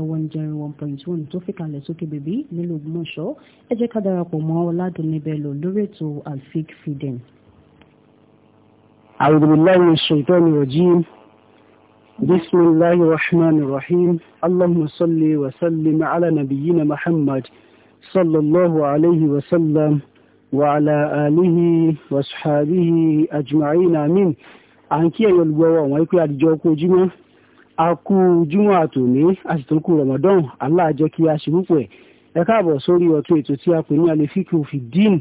one zero one point one tó fìkàlẹ̀ sókè bèbí nílùú Ògbómọ̀ṣọ́ ẹ jẹ́ ká darapọ̀ mọ́ ọ̀làdùnní bello lórí ètò alfik fiden. أعوذ بالله من الشيطان الرجيم بسم الله الرحمن الرحيم اللهم صل وسلم على نبينا محمد صلى الله عليه وسلم وعلى آله وصحبه أجمعين آمين àǹkí ẹ̀yọ́ olùgbọ́wọ́ àwọn ikú àdìjọ ọkọ̀ ojúmọ́ a kú júmọ́ àtòní a sì tún kú ramadan allah jẹ́ kí a ṣe púpọ̀ ẹ̀ ẹ káàbọ̀ sórí ọ̀tún ètò tí a pè ní alefiki ofidin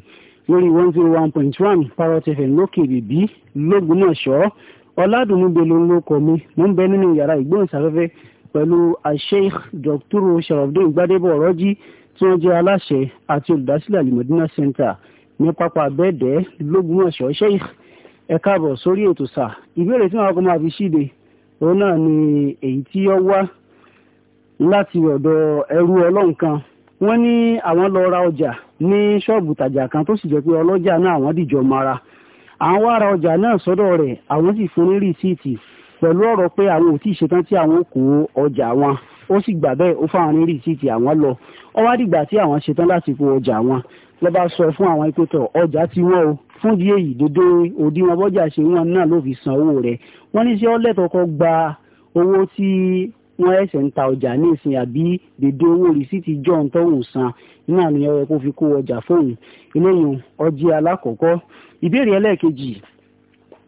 lórí one zero one point one parrot fm lókè bèbí lógúnmọ̀ṣọ́ ọ̀làdùnmíbe ló ń mi mo ń bẹ nínú yàrá ìgbóhùnsáfẹ́fẹ́ pẹ̀lú asheikh dr sharafdin gbadebo ọ̀rọ́jì tí wọ́n jẹ́ aláṣẹ àti olùdásílẹ̀ alimọ̀dínà center ní pápá abẹ́ẹ̀dẹ́ lógúnmọ̀ṣọ́ sheikh ẹ káàbọ̀ sórí ètò sà ìbéèrè tí wọn òun náà ni èyí tí ó wá láti ọ̀dọ̀ ẹrú ọlọ́run kan wọ́n ní àwọn lọ ra ọjà ní ṣọ́ọ̀bù tàjà kan tó sì jẹ́ pé ọlọ́jà náà àwọn dìjọ mara àwọn wá ra ọjà náà sọ́dọ̀ rẹ̀ àwọn sì fún ní rìsíìtì pẹ̀lú ọ̀rọ̀ pé àwọn ò tí ì ṣetán tí àwọn kó ọjà wọn ó sì gbà bẹ́ẹ̀ ó fáwọn ní rìsíìtì àwọn lọ ó wá tí àwọn ṣetán láti kó ọjà wọn ló sọ fún àwọn ìpẹ́tọ̀ ọjà tí wọ́n o fún díẹ̀ yìí dédé òdiwọ̀n bọ́jà ṣe wọn náà ló fi san owó rẹ̀ wọ́n ní ṣé ó lẹ́tọ̀ọ́ kó gba owó tí wọ́n ẹ̀sẹ̀ ń ta ọjà ní ìsìn àbí dédé owó rìsíìtì john tóun san náà ni ọ̀rẹ́ kó fi kó ọjà fóun eléyìí ọjì alákọ̀ọ́kọ́ ìbéèrè ẹlẹ́ẹ̀kejì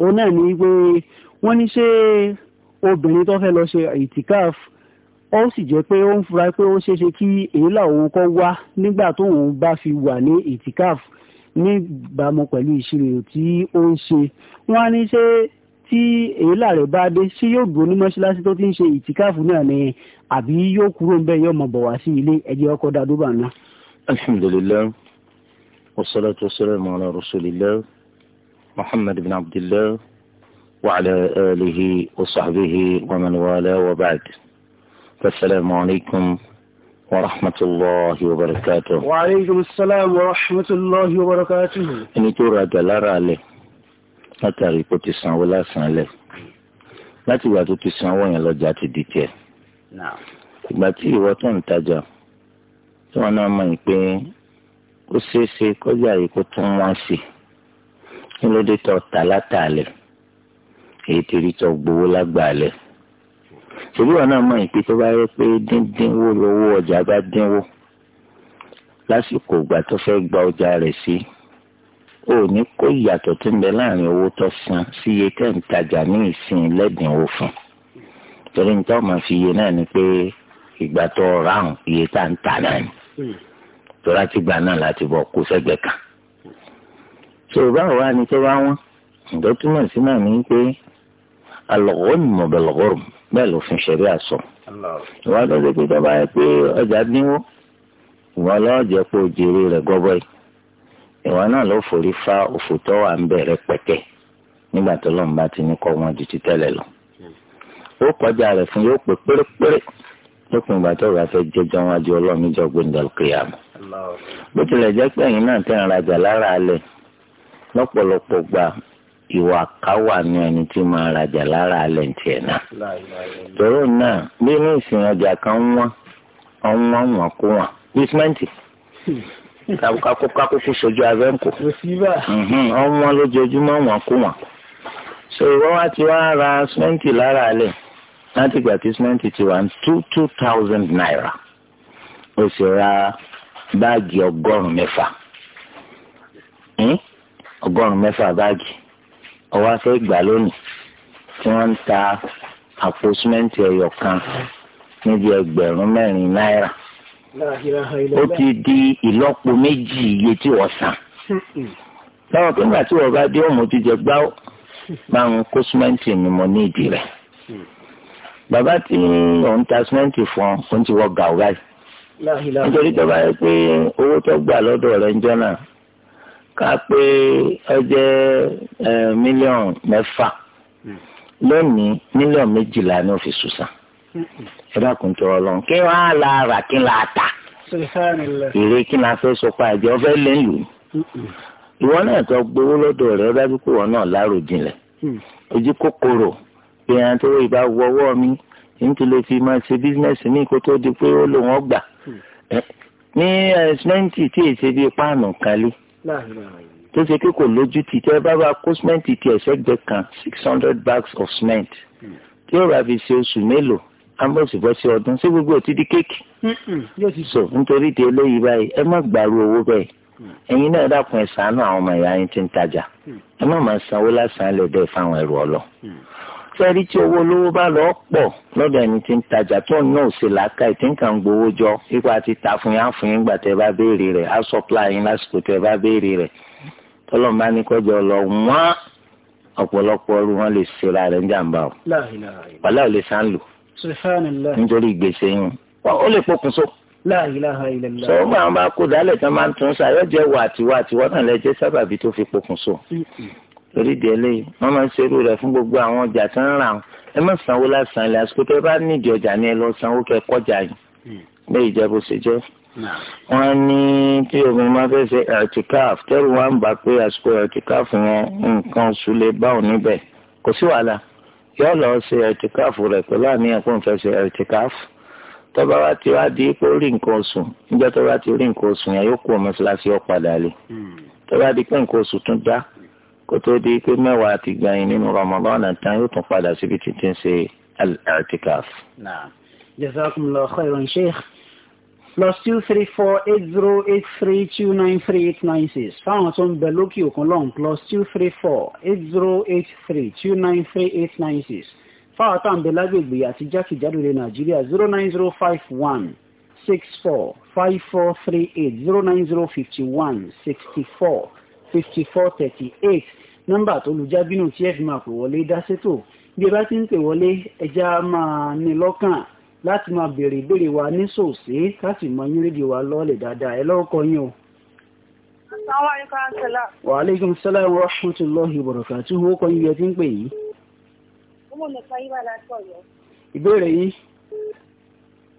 òun náà ni wípé wọ́n ní ṣé obìnrin tó fẹ́ lọ ṣe ìtìkáf ó sì jẹ́ pé ó ń fura pé ó ṣeéṣe kí èélà òun kọ́ wá nígbà tóun bá fi wà ní ìtìkáf níbàámu pẹ̀lú ìṣirò tí ó ń ṣe wọ́n á ní ṣé tí èélà rẹ̀ bá dé ṣé yóò gbó ní mọ́ṣáláṣí tó ti ń ṣe ìtìkáàfù náà ni àbí yóò kúrò ń bẹ̀ yóò mọ̀ bọ̀ wá sí ilé ẹ̀jẹ̀ ọkọ̀ dadúbà náà. alhamdulilayi wasalaatu wasalaamu ala rasulillah muhammad bin abdillah wa ala alihi wa sahbihi wa man wala wa ba'd. asalaamu alaykum. ورحمة الله وبركاته وعليكم السلام ورحمة الله وبركاته ẹni tó rajà lára alẹ́ látàrí kó ti sanwó lásán alẹ́ láti ìgbà tó ti sanwó yẹn lọ́jà ti di tiẹ̀ ìgbà tí ìwọ tó ń tajà tí wọn náà mọ̀ pé ó ṣeé ṣe kọjá yìí kó tún wọ́n sí kí ló dé tó tà látàlẹ̀ èyí ti rí tó gbowó lágbàálẹ̀ ṣèlú wọn náà mọ ìpè tó bá yẹ pé díndínwó lówó ọjà bá dínwó lásìkò ìgbà tó fẹ́ gba ọjà rẹ̀ sí ò ní kó ìyàtọ̀ tó ń bẹ láàrin owó tó san sí iye tẹ́ ń tajà ní ìsìn lẹ́dínwó fún torí níta ọmọ fi iye náà ni pé ìgbà tó ra hàn iye tá ń tà náà ni torí àti gbà náà láti bọ̀ kó sẹ́gbẹ̀ẹ́ kan. ṣé o báwo wá ni tó bá wọ́n ǹdọ́ sí náà ni pé al-ghunmu bil-ghurm bẹ́ẹ̀ lòfin ṣẹ̀rí àṣọ. ìwà lọ́dẹ pé tó bá yẹ pé ọjà dínwó ìwà lọ́ọ̀jẹ́ pé òjèrè rẹ̀ gọ́bọ̀ yìí ìwà náà ló forí fa òfò tó wà ń bẹ̀rẹ̀ pẹ̀kẹ́ nígbà tó lọ́n bá ti ní kọ́ wọn ju ti tẹ́lẹ̀ lọ. ó kọjá rẹ̀ fún yóò pé pérépéré lópin ìgbà tó bá fẹ́ jẹjọ́ wọn ju ọlọ́run ìjọ gbẹ̀ndàlùkìyàmù. bó tilẹ̀ jẹ́ pé ẹ̀yin náà tẹ̀ ń rajà lára alẹ̀ lọ́pọ̀lọpọ̀ gbà ìwà káwà ní ẹni tí máa rajà lára alẹ̀ tiẹ̀ náà. tòró náà bí ní ìsìn ọjà kan wọ́n ọ̀wọ́n wọn kó wọn bísímẹ́ǹtì hmm. kakókakó fi sojú abẹ́ǹkò ọ̀wọ́n mhm. lójoojúmọ́ wọn kó wọn. so ìwọ́n wá ti wá ra símẹ́ǹtì lára alẹ̀ láti gbà tí símẹ́ǹtì ti wà ní two two thousand naira ó sì ra báàgì ọgọ́rùn-ún mẹ́fà hmm? ọgọ́rùn-ún mẹ́fà báàgì ọwọ́ afẹ́ gbà lónìí tí wọ́n ń ta àpò símẹ́ǹtì ẹyọ kan níbi ẹgbẹ̀rún mẹ́rin náírà ó ti di ìlọ́po méjì iye tí wọ́n san báwọn pé nígbà tí wọ́n bá dé òun ti jẹ gbáwó máa ń kó símẹ́ǹtì ni mo ní ìdí rẹ̀ bàbá tí òun ta símẹ́ǹtì fún ọ òun ti wọ gàù báyìí nítorí tó bá yẹ pé owó tó gbà lọ́dọ̀ rẹ̀ ń jọ náà ká pé ẹ jẹ́ mílíọ̀nù mẹ́fà hmm. lónìí mílíọ̀nù méjìlá ni ó fi sùn hmm. ẹ dákun tó kí wọ́n á la kí n la tà ìrè kí n afẹ́ sọpá ẹ̀jẹ̀ ọ̀fẹ́ lẹ́yìn hmm. ìwọ náà tó gbowó lọ́dọ̀ pé náà lárò ojú kòkòrò bí tó ìbá wọwọ́ mi nítorí lè fi máa ṣe bísínẹ́sì ní tó di pé ó lò gbà tó ṣe pé kò lójú ti tẹ́ bá bá kó cement ti ẹ̀sẹ̀gbẹ́ kan six hundred bags of cement tí ó rà fi ṣe oṣù mélòó ambrose bọ́ sí ọdún ṣé gbogbo òtí di kéèkì. so nítorí ti eléyìí báyìí ẹ má gbàrú owó bẹ́ẹ̀ ẹ̀yin náà dákun ẹ̀ ṣàánú àwọn ọmọ ìyá yín ti ń tajà ẹ má máa sanwó lásán lè dẹ́ fáwọn ẹrù ọlọ sẹ́rí tí owó olówó bá lọ pọ̀ lọ́dọ̀ ẹni tí ń tajà tó ń náà ṣe làákàyè tí ń kàn gbowó jọ ipa ti ta fún yín àfún yín gbà tẹ́ bá béèrè rẹ̀ á sọ́pláì yín lásìkò tẹ́ bá béèrè rẹ̀ tọ́lọ́mù bá ní kọjọ lọ wọ́n ọ̀pọ̀lọpọ̀ ọrú wọn lè ṣera rẹ̀ ń jàǹbá o. wàhálà ò lè sàn lò. nítorí ìgbésẹ̀ yín ó lè pokùnso. sọ máa ń bá kó dálẹ̀ tán máa ń tún ṣàyọ̀jẹ̀ wà tiwa tiwa torí di eléyìí wọn máa ń ṣerú rẹ̀ fún gbogbo àwọn ọjà tí ń rà wọn ẹ má sanwó lásán ilé àsìkò tẹ bá nídìí ọjà ní ẹ lọ sanwó kẹ kọjá yìí lé ìjẹbù sì jẹ. wọn ní tí obìnrin máa fẹ́ ṣe ẹ̀rọ̀tìkáf tẹ́rù wá ń bà pé àsìkò ẹ̀rọ̀tìkáf yẹn nǹkan oṣù lè bá òun níbẹ̀ kò sí wàhálà yóò lọ ṣe ẹ̀rọ̀tìkáf rẹ̀ pẹ̀lú àníyàn kó n fẹ́ ṣe ẹ̀rọ̀tìkáf tọ́ba wa ti wá di pé ó rí nǹkan oṣù níjọ́ tọ́ba ti rí nǹkan oṣù yẹn yóò kó mọ́ṣáláṣí ọ̀ lé tọ́ba di pé nǹkan oṣù tún dá kó tó di pé mẹ́wàá ti gbà yín nínú Ramadan tán yóò tún padà síbi títí ṣe al-i'tikaf. naam jazakumullahu khairan sheikh plus two three four eight zero eight three two nine three eight nine six fáwọn tó ń bẹ lókè òkun lọ́hùn plus two three four eight zero eight three two nine three eight nine six fáwọn tó ń bẹ lágbègbè àti jákèjádò lè nàìjíríà zero nine zero five one six four five four three eight zero nine zero fifty one sixty four. fifty four thirty eight tó lu jábínú tí ẹ fi máa pè wọlé dá sétò bí ẹ bá ti ń pè wọlé ẹja máa ní lọ́kàn láti máa béèrè ìbéèrè wa ní sòsé láti mọ yín rédíò wa lọ́ọ̀lẹ̀ dáadáa ẹ lọ́kọ yín o. wa aleykum salaam wa rahmatulahi wa barakatuh wo kọ́ yín bí ẹ ti ń pè yìí. ọmọ mi kan yín bá láti ọ̀yọ́. ìbéèrè yín.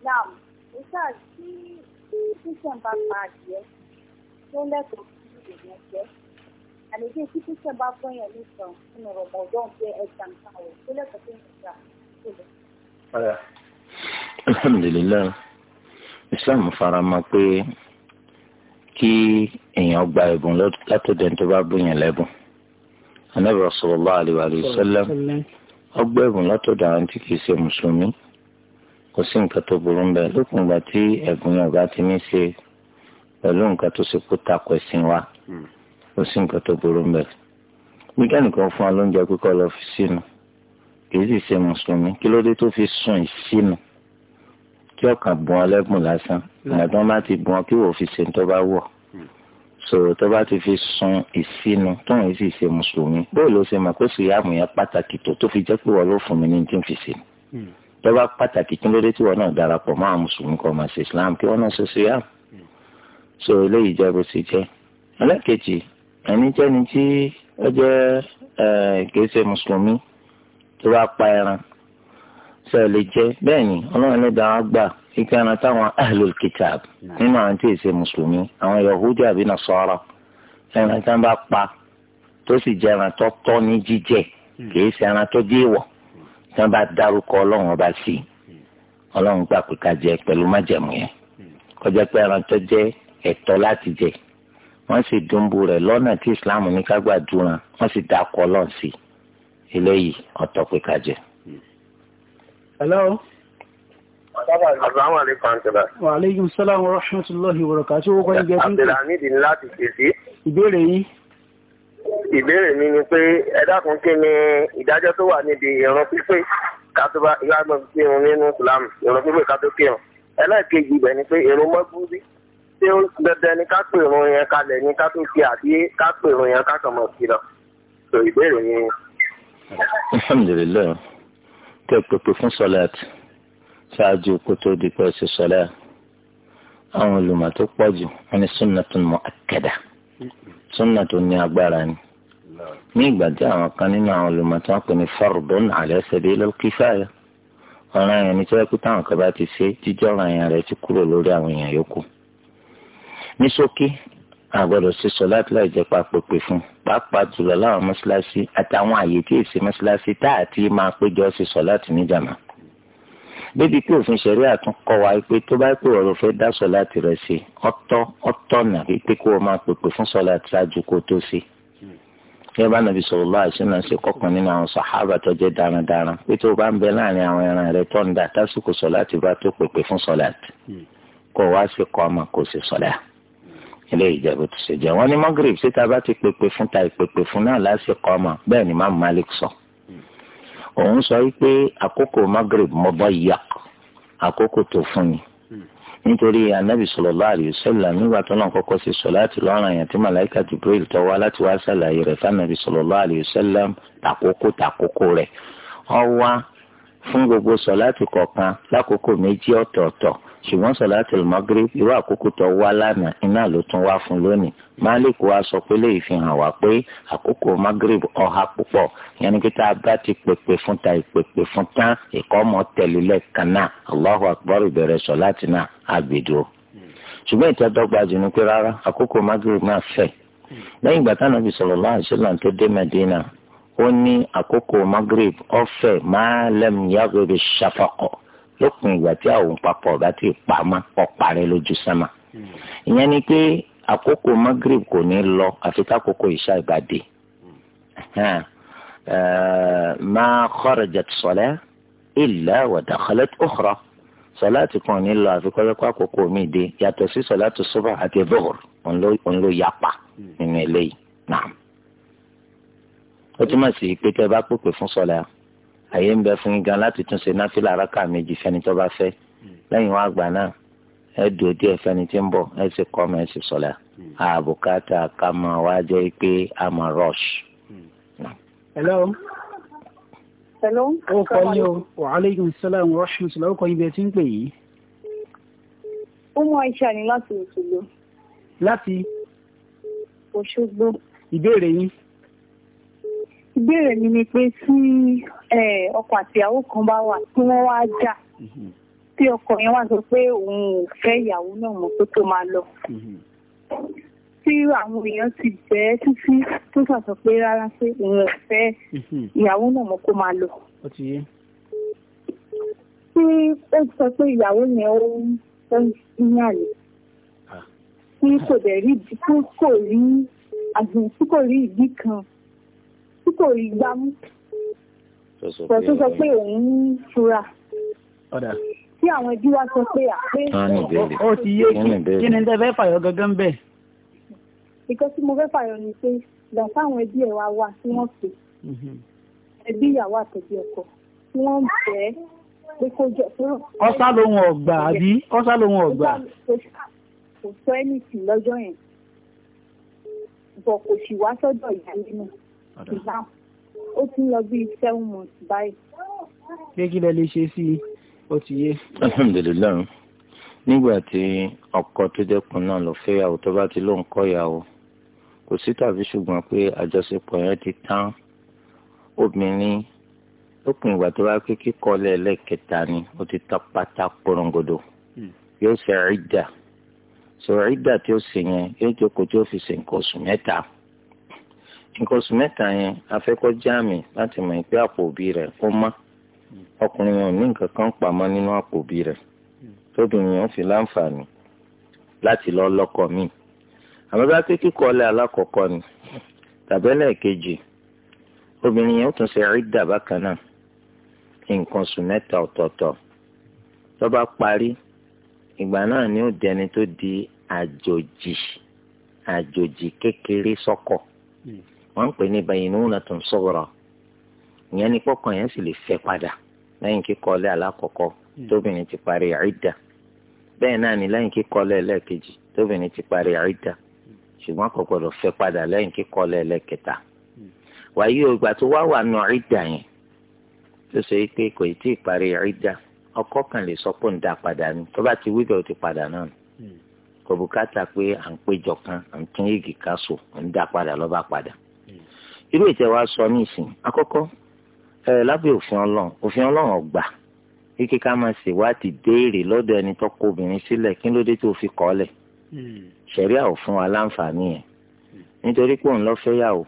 naam ìṣáà tí christian bá pa adìẹ tó lẹ́kọ̀ọ́ sí ìdènà And again, people say back when you're listening, you know, about don't pay extra power. So let's continue with that. alhamdulilayi islam fara mọ́ pé kí èèyàn gba ẹ̀bùn látọ̀dẹ̀ tó bá bóyàn lẹ́bùn anabi sallallahu alaihi wa sallam ọgbà ẹ̀bùn látọ̀dọ̀ àwọn tí kìí ṣe mùsùlùmí kò sí nǹkan tó burú ń bẹ lókun ìgbà tí ẹ̀bùn yẹn ọba ti ní ṣe pẹ̀lú nǹkan tó ṣe kó takò ẹ̀sìn wa. Hmm kò sí nǹkan tó burú ń bẹ̀. wíkẹ́ndì kan fún alóúnjẹ kíkọ́ lọ fi sínú kì í sì ṣe mùsùlùmí kí ló dé tó fi sùn ìsínú kí ọkàn bùn ọ lẹ́gbùn lásán ìgbàdàn bá ti bùn ọ kí wò fi ṣe tó bá wọ̀ sọ̀rọ̀ tó bá ti fi sun ìsinu tóun yìí sì ṣe mùsùlùmí bóyá ló ṣe mọ̀ pé sùyàmù yẹn pàtàkì tó tó fi jẹ́ pé wọ́n ló fún mi ní tí n fi ṣe ni tó bá pàtàkì kí ló dé tí wọ́n náà darapọ̀ mọ́ àwọn mùsùlùmí kan máa ṣe Islam kí wọ́n náà ṣe sùyàmù so eléyìí jẹ́ bó ṣe jẹ́ ẹlẹ́kẹ̀jì ẹnikẹ́ni tí ó jẹ́ kìí ṣe mùsùlùmí tó bá pa ẹran ṣe lè jẹ bẹ́ẹ̀ ni ọlọ́run ní dáhùn gbà ike ẹran táwọn ahlul kitab nínú àwọn tí ì ṣe mùsùlùmí àwọn yahudi àbí nasara ẹran tí wọ́n bá pa tó sì jẹ ẹran tó tọ́ ní jíjẹ kìí ṣe ẹran tó dé ìwọ̀ tí wọ́n bá dárúkọ ọlọ́run ọba sí ọlọ́run gbà pé ká jẹ pẹ̀lú májẹ̀mú yẹn kọjá pé ẹran tó jẹ ẹ̀tọ́ láti jẹ wọ́n sì dùnbù rẹ̀ lọ́nà tí islam ní ká gbàdúrà wọ́n sì dá akọ lọ́n sí i eléyìí ọ̀tọ̀ pé ká jẹ. hello. asalaamualeykum antala. wa aleykum salaam wa rahmatulahi wa barakatuh. owó kan jẹ́ fún mi. abdulhamid ni láti fèsì. ìbéèrè yìí. ìbéèrè mi ni pé ẹ dákun kí ni ìdájọ́ tó wà níbi ìran pípé kátó bá ìyá kírun nínú islam ìran pípé kátó kírun ẹlẹ́ẹ̀kejì ibẹ̀ ni pé èrò mọ́ búrú ṣé dandan ni ká pè irun yẹn kalẹ̀ ni ká tó ṣe àbí ká pè irun yẹn ká kàn mọ̀ sí lọ sọ ìbéèrè yẹn. alhamdulilayi tẹ pèpè fún sọláàtì ṣáájú kó tó di pé ṣe sọláà àwọn olùmọ̀ tó pọ̀ jù wọn ni sunnatun mu'akkada súnà tó ní agbára ni ní ìgbà tí àwọn kan nínú àwọn olùmọ̀ tí wọ́n pè ní fardun ala sabil al-kifaya ọ̀ràn yẹn ni tí wọ́n pè táwọn kan bá ti ṣe jíjọ́ ọ̀ràn yẹn rẹ̀ ti kúrò lórí àwọn èèyàn yòókù ní ṣókí àgbọ̀dọ̀ ṣe sọ̀láàtì láì jẹ́ papò pè fún pàápàá jùlọ láwọn mọ́ṣáláṣí àtàwọn àyè tí èsì mọ́ṣáláṣí tá àti máa péjọ ṣe sọ̀láàtì níjàmá. débi pé òfin ṣẹ̀rí àtúnkọ́ wa pé tó bá pè ọ̀rọ̀ fẹ́ dá sọ̀láàtì rẹ̀ ṣe ọ̀tọ̀ ọ̀tọ̀ nà pé kó o máa pèpè fún sọ̀láàtì ṣáájú kó o tó ṣe. yẹ́n bá nàbí sọ̀rọ̀ lọ́wọ́ àṣìnà ṣe kọ́kàn nínú àwọn sàhábà tó jẹ́ darandaran pé tó bá ń ilé ìjẹ̀bù ti ṣe jẹ́ wọ́n ní magrib síta bá ti pèpè fún ta ìpèpè fún náà lásìkò ọmọ bẹ́ẹ̀ ni Imam Malik sọ. òun sọ wípé àkókò magrib mudayyaq àkókò tó fún ni nítorí anabi sallallahu alaihi wasallam nígbà tó náà kọ́kọ́ ṣe sọ̀láàtì lọ́rùn àyàn tí màláìka Jibril tó wá láti wá ṣàlàyé rẹ̀ fún anabi sallallahu alaihi wasallam tàkókò tàkókò rẹ̀ ó wá fún gbogbo sọ̀láàtì kọ̀ọ̀kan lákòókò méjì ọ̀tọ̀ọ̀tọ̀ ṣùgbọ́n sọ̀láàtì Maghrib irú àkókò tó wá lánàá iná ló tún wá fún lónìí Malik wa sọ pé lè fi hàn wá pé àkókò Maghrib ọha púpọ̀ yẹnni kí tá a bá ti pèpè fún ta ìpèpè fún tán ìkọ́ ọmọ tẹ̀lé lẹ́ẹ̀kan náà Allahu Akbar ìbẹ̀rẹ̀ sọ̀láàtì náà àgbèdo ṣùgbọ́n ìtẹ́dọ́gba jù ní pé rárá àkókò Maghrib náà fẹ̀ lẹ́yìn ìgbà táwọn ibi sọ̀rọ̀ láàṣẹ ó ní àkókò magrib ọ̀fẹ́ máa lẹ́mu yàgòrò ṣàfọ̀kọ̀ lópin ìgbà tí àwọn papọ̀ bá ti pa má pọ̀ parẹ́ lójú sánmà. ìyẹn ni pé àkókò magrib kò ní lọ àfi kákòókò ìṣá ìbàdí. ma kharajat salah illa wa dakhalat ukhra sọláàtì kan ní lọ àfi kọ́lẹ́kọ́ àkókò mi dé yàtọ̀ sí sọláàtì subha àti dhuhr òun ló yapa nínú eléyìí náà ó túmọ̀ sí pé tẹ́ bá pèpè fún sọlá àyè ń bẹ fún yín gan láti tún ṣe náfìlà rákà méjì fẹ́ni tó bá fẹ́ lẹ́yìn wọn àgbà náà ẹ dùn díẹ̀ fẹ́ni tí ń bọ̀ ẹ sì kọ́ ọmọ ẹ sì sọlá àbùkátà ká máa wá jẹ́ pé a máa rush. hello. hello. ó kọ́ yín o wa aleykum salaam wa rahmatulah ó kọ́ yín bí ẹ ti ń pè yìí. ó mọ iṣẹ́ ni láti Òṣogbo. láti. Òṣogbo. ìbéèrè yín ìbéèrè mi ni pé tí ọkọ àti ìyàwó kan bá wà tí wọ́n wá jà mhm. tí ọkọ yẹn wá sọ pé òun ò fẹ́ ìyàwó náà mọ́ tó tó máa lọ mhm. tí àwọn èèyàn ti bẹ́ títí tó sàsọ pé rárá pé òun ò fẹ́ mhm. ìyàwó náà mọ́ kó máa lọ. tí ó sọ pé ìyàwó yẹn ó ń fẹ́ ìyàlè ah. tí kò dẹ̀ rí ìdí tí kò rí ìdí kan tí kò rí gbá mú pọ̀ sọ pé òun ń fura tí àwọn ẹbí wa sọ pé àpé ó ti yé kí ni tẹ́ fẹ́ fàyọ gangan bẹ́ẹ̀. ìkọ́ tí mo fẹ́ fàyọ ni pé ìgbà táwọn ẹbí ẹ̀ wá wá tí wọ́n fè mhm. ẹbí ìyàwó àtẹ̀bí ọkọ tí wọ́n bẹ̀ẹ́ pé kó jọ fúnra. ọ̀sá lòun ọ̀gbà àbí ọ̀sá lòun ọ̀gbà. kò sọ ẹnìtì lọ́jọ́ yẹn bọ̀ kò sì wá sọ́dọ̀ ìyá nínú ìgbà ó ti lọ bí seven months báyìí. pé kí lẹ lè ṣe sí i ó ti yé. alhamdulilayi nígbà tí ọkọ tó dẹkùn náà lọ fẹ́yàwó tó bá ti lóun kọ ìyàwó kò sí tàbí ṣùgbọ́n pé àjọṣepọ̀ yẹn ti tán obìnrin lópin ìgbà tó bá pé kíkọ lẹ́ẹ̀lẹ́kẹta ni ó ti tán pátá porongodo hmm. yóò ṣe àìdà sọ àìdà tí ó ṣe yẹn yóò jókòó tí ó fi ṣe nǹkan oṣù mẹ́ta nǹkan oṣù mẹ́ta yẹn afẹ́kọ́ jáàmì láti mọ̀ pé àpò òbí rẹ̀ ó má ọkùnrin yẹn ò ní nǹkan kan pamọ́ nínú àpò òbí rẹ̀ tóbìnrin yẹn fi láǹfààní láti lọ lọ́kọ míì àmọ́ bá pé kíkọ́ ọlẹ́ alákọ̀ọ́kọ́ ni tàbẹ́lẹ̀ kejì obìnrin yẹn ó tún ṣe rídà bákan náà nǹkan oṣù mẹ́ta ọ̀tọ̀ọ̀tọ̀ tó bá parí ìgbà náà ni ó dẹni tó di àjòjì àjòjì kékeré sọ́kọ. Mm. wọ́n ń pè ní bainunatun sughra ìyẹn ni yẹn sì lè padà hmm. tóbìnrin ti parí náà ni tóbìnrin ti parí kò padà hmm. wàyí o tó wá wà nù idda yẹn tó ṣe é pé kò tí ọkọ kan lè sọ pé ń da padà ni tó bá ti wí bẹ́ẹ̀ ti padà náà hmm. kò bùkátà pé à ń péjọ padà. irú ìtẹ̀wá sọ ní ìsìn àkọ́kọ́ ẹ lábẹ́ òfin ọlọ́run òfin ọlọ́run ọgbà kíkẹ́ ká máa ṣèwádìí déèrè lọ́dọ̀ ẹni tó kó obìnrin sílẹ̀ kí ló dé tó fi kọ́ lẹ̀ hmm. ṣẹ̀ríà ò fún wa láǹfààní yẹn nítorí pé òun lọ fẹ́ yàwó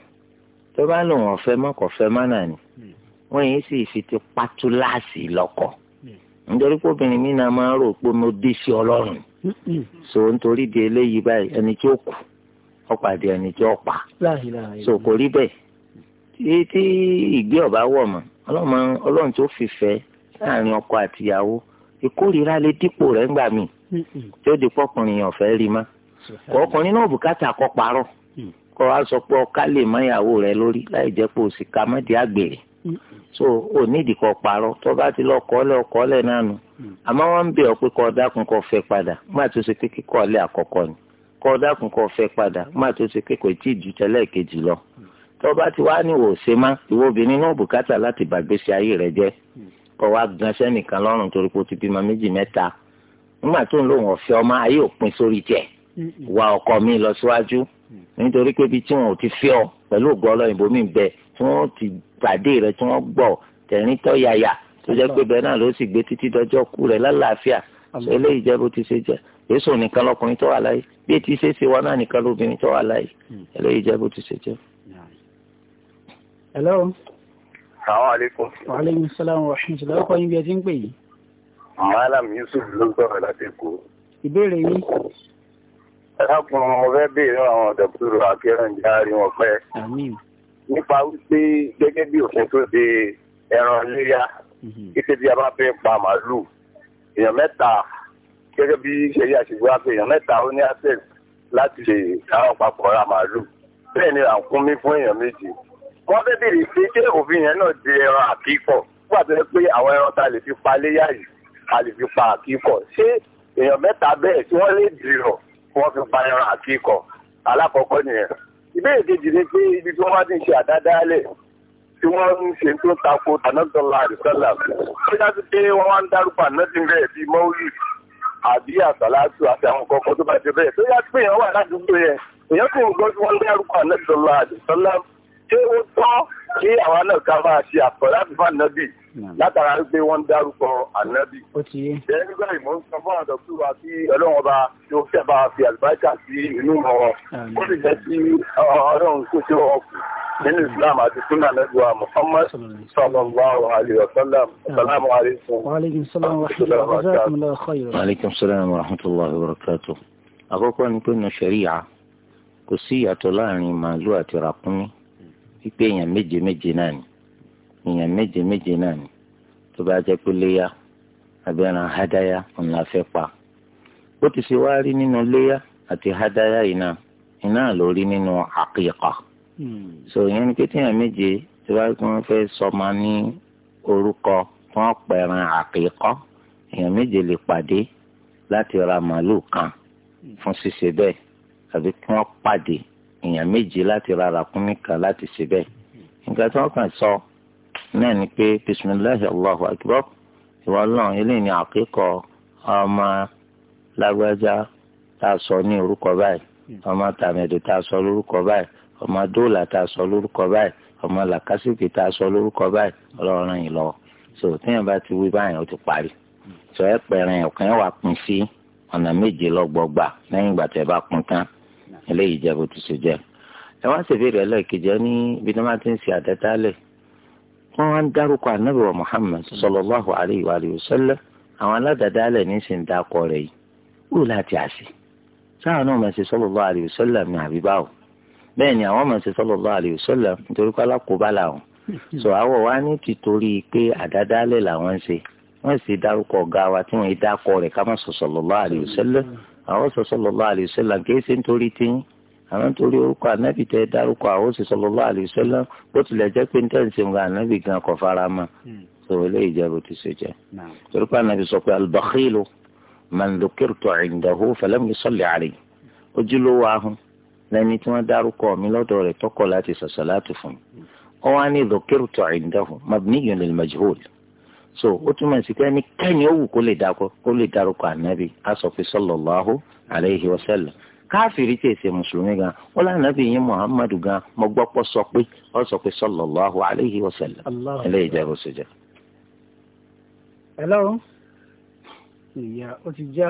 tó bá lòun ọ̀fẹ́ mọ́kànfẹ́ mánà ni hmm. wọ́n yìí sì fi ti pátú láàsì lọ́kọ̀ hmm. nítorí pé obìnrin mi náà máa ń rò pé mo dé sí ọlọ́run so nítorí di eléyìí báyìí ẹni tí ó kù ọ̀pàdé ẹni tí ó pa so kò rí bẹ́ẹ̀ tí ìgbé ọba wọ̀ mọ́ ọlọ́run tó fẹ láàrin ọkọ àtìyàwó ìkórìíra lè dípò rẹ ńgbà míì tí ó di pọkùnrin yàn fẹ́ rí ma ọkùnrin náà bùkátà kọ mm. sọ pé ọká lè má lórí láì pé òsì ká mọ́dì àgbèrè so ò nídìí kọ parọ́ tó bá ti lọ kọ́lẹ̀ mm. ń padà má tó ṣe pé ni padà má tó ṣe pé kò tí ì lọ mm. tó bá ti wá ní wò ṣe má ìwọ obìnrin náà bùkátà láti bàgbésí ayé rẹ jẹ́ hmm. kó wá gan sẹ́nìkan lọ́rùn torí pé o ti bímọ méjì mẹ́ta nígbà tó ń lò wọ́n fẹ́ ọmọ ayé òpin sórí tiẹ̀ hmm. wá ọkọ mi lọ síwájú hmm. nítorí pé ibi tí wọn ò ti fẹ́ ọ pẹ̀lú ògbọ́ ọlọ́yìnbó mi bẹ tí wọ́n ti pàdé rẹ tí wọ́n gbọ́ tẹ̀rín tọ́ yàyà tó jẹ́ pé bẹ́ẹ̀ náà ló sì gbé títí dọjọ́ kú rẹ̀ lálàáfíà eléyìí jẹ́ bó ti ṣe jẹ́ èso nìkan lọkùnrin tó wà láyé bí etí ṣe ṣe wọn náà nìkan lóbìnrin tó wà láyé eléyìí jẹ́ bó ti ṣe jẹ́. Hello. Àwọn àlékún. Wa alaikum salam wa rahmatullahi ọkọ̀ yín bí ẹ ti ń pè yìí. Malam Yusuf ló ń sọ̀rọ̀ láti Èkó. Ìbéèrè yín. Ẹ̀dàkùn ọmọ fẹ́ béèrè àwọn ọ̀dọ̀kúrò akẹ́rùn járe wọn pẹ́. Àmín. Nípa wípé gẹ́gẹ́ bí òfin tó de ẹran léyà, mhm. kété bí a bá fẹ́ pa màálù, èèyàn mẹ́ta gẹ́gẹ́ bí ṣẹ̀yí àṣìgbọ́ àpè èèyàn mẹ́ta ó ní access láti ṣe àwọn papọ̀ ra màálù. Bẹ́ẹ̀ ni à ń kún mí fún èèyàn méjì wọ́n fẹ́ bèrè pé ṣé òfin yẹn náà di ẹran àkíkọ̀ wà tó yẹ pé àwọn ẹran ta lè fi pa léyà yìí a lè fi pa àkíkọ̀ ṣé èèyàn mẹ́ta bẹ́ẹ̀ tí wọ́n lè dìrọ̀ wọ́n fi pa ẹran àkíkọ̀ alákọ̀ọ́kọ́ nìyẹn ìbéèrè kejì ni pé ibi tí wọ́n bá ti ń ṣe àdádálẹ̀ tí wọ́n ń ṣe tó tako anadọ́là àdìsọ́là ó dájú pé wọ́n wá ń dárúkọ ànádì bẹ́ẹ̀ bí mọ́wúlì àbí àsàlátù àti àwọn kọ̀ọ̀kan tó bá ti bẹ́ẹ̀ tó yá pé èèyàn wà ládùúgbò yẹn èèyàn sì ń gbọ́ tí wọ́n ń dárúkọ anadọ́là àdìsọ́là ṣé ó tọ́ kí àwa náà ká máa ṣe àpọ̀ láti fún ànábì látara wípé wọ́n ń dárúkọ ànábì. ó ti yé. ṣé nígbà yìí mo ń sọ fún àdọ̀tú wa kí ọlọ́run ọba tí ó fẹ́ bá fi àlùbáríkà sí inú wọn ó sì jẹ́ kí ọlọ́run kó ṣe wọn kù nínú islam àti sunna ànábì wa muhammad sallallahu alayhi wa sallam salamu alaykum. wa aleykum salaam wa rahmatullahi wa barakatuh. àkọ́kọ́ ni pé nù ṣẹ̀ríyà kò sí ìyàtọ̀ láàrin màálù àti ràkúnmí wípé èèyàn méje méje náà ni èèyàn méje méje náà ni tó bá jẹ́ pé léyà abẹ́ran hádáyà ńlá fẹ́ pa bó ti ṣe wá rí nínú léyà àti hádáyà iná iná ló rí nínú àkíkà so ìyẹn ni pé téèyàn méje tó bá kí wọ́n fẹ́ sọmọ ní orúkọ tí wọ́n pẹ̀ràn àkíkà èèyàn méje lè pàdé láti ra màálù kan fún ṣíṣe bẹ́ẹ̀ àbí kí wọ́n pàdé èèyàn méje láti ra ràkúnmí kan láti ṣe bẹ́ẹ̀ nǹkan tí wọ́n kàn sọ náà ni pé bisimilahi allahu akbar ìwọ náà eléyìí ni àkíkọ ọmọ lágbájá tá a sọ ní orúkọ báyìí ọmọ tàmẹ̀dù tá a sọ lórúkọ báyìí ọmọ dóòlà tá a sọ lórúkọ báyìí ọmọ làkàsìkì tá a sọ lórúkọ báyìí ọlọ́run yìí lọ so téèyàn bá ti wí báyìí ó ti parí sọ ẹ pẹ̀rẹ̀ ọ̀kan ẹ̀ wà pín sí ọ̀nà méje lọ́gbọ̀gbà lẹ́yìn ìgbà tẹ̀ bá pín tán eléyìí jẹ́ bó ti ṣe jẹ́ ẹ wá ṣèbéèrè ẹlẹ́ẹ̀kejì ní ibi tí wọ́n ti ń ṣe àdẹ́tálẹ̀ wọ́n wá ń dárúkọ ànábì wa Muhammad sallallahu alayhi wa sallam àwọn aládàdálẹ̀ ní sì ń dákọ rẹ̀ yìí wù láti àṣì sáwọn náà máa ṣe sallallahu alayhi wa sallam ní àbíbáwò bẹ́ẹ̀ ni àwọn máa ṣe sallallahu alayhi wa sallam nítorí pé alákòóbá làwọn sọ àwọ̀ wa ní tìtorí pé àdádálẹ̀ làwọn ń ṣe wọ́n sì dárúkọ ọ̀gá wa tí wọ́n dákọ rẹ̀ ká má sọ sallallahu alayhi wa sallam àwọn sọ sallallahu alaihi wasallam kìí ṣe nítorí tiyín àwọn torí orúkọ ànábì tẹ dárúkọ àwọn sì sallallahu alaihi wasallam bó tilẹ̀ jẹ́ pé níta ìsìn ga ànábì gan kò fara mọ́ tó hmm. eléyìí jẹ́ bó ti ṣe jẹ́ torí pé ànábì sọ pé al-bakhilu man dhukirtu indahu falam yusalli alayhi ojúlówó ahun lẹni tí wọ́n dárúkọ mi lọ́dọ̀ rẹ̀ tọkọ láti sọ̀sọ̀ láti fún mi ó wá ní dhukirtu indahu mabniyun so ó túmọ̀ sí pé kẹ́ni ó wù kó lè dákọ́ kó lè dárúkọ ànábì asọ̀fin sallallahu alayhi wa sallam káfíìrì tí èsè mùsùlùmí gan ó lànàbì yín muhammadu gan mo gbọ́ pọ̀ sọ pé ó sọ pé sallallahu alayhi wa sallam jẹ́ oṣù jẹ́. hello ìyá ó ti já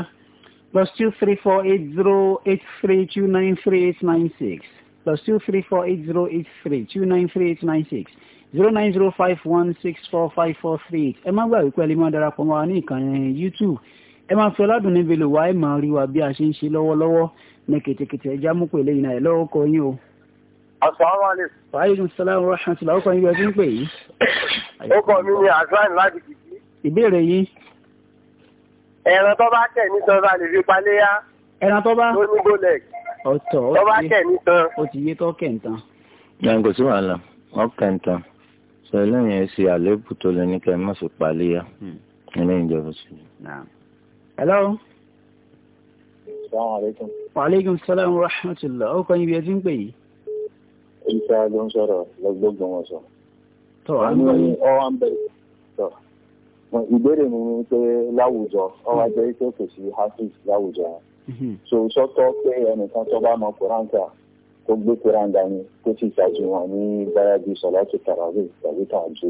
plus two three four eight zero eight three two nine three eight nine six plus two three four eight zero eight three two nine three eight nine six zero nine zero five one six four five four three eight ẹ má gbàgbé pé ẹ lè máa darapọ̀ mọ́ wa ní ìkànnì youtube ẹ máa fi ọládùn níbi lò wá ẹ máa rí wa bí a ṣe ń ṣe lọ́wọ́lọ́wọ́ ní kètèkètè ẹja mú pèlè yìí náà ẹ lọ́wọ́ kọ yín o. asalaamualeykum. waaleykum salaam wa rahmatulah ọkọ yín bí ẹ ti ń pè yìí. ó kọ mi ní asan láti kìkì. ìbéèrè yín. ẹran tó bá tẹ̀ ní sọ́ra lè fi paléyà. ẹran tó bá. lóní golek. ọ̀tọ̀ ó ti yé tó kẹ̀ ń tán. kò ń tán sọ eléyìí ẹ ṣe àléébù tó lè ní ká ẹ má fi palẹ̀ yá hello. salaamaleykum. waaleykum salaam wa rahmatulah ó kàn yín bí ẹ ti ń pè yìí. ìṣe ló ń sọ̀rọ̀ lọ́gbọ́gbọ́n wọn sọ. tọ́ a ní ọwọ́ ń bẹ̀rẹ̀ tọ́ ìbéèrè mi ni pé láwùjọ ọwọ́ ajẹ́ pé sí hafiz láwùjọ hmm. so sọ́tọ̀ pé ẹnìkan tó bá mọ kòrántà kó gbé koran dání kó sì ṣáájú wọn ní báyàbí sọláàtì tàràwé tàbí tààjú.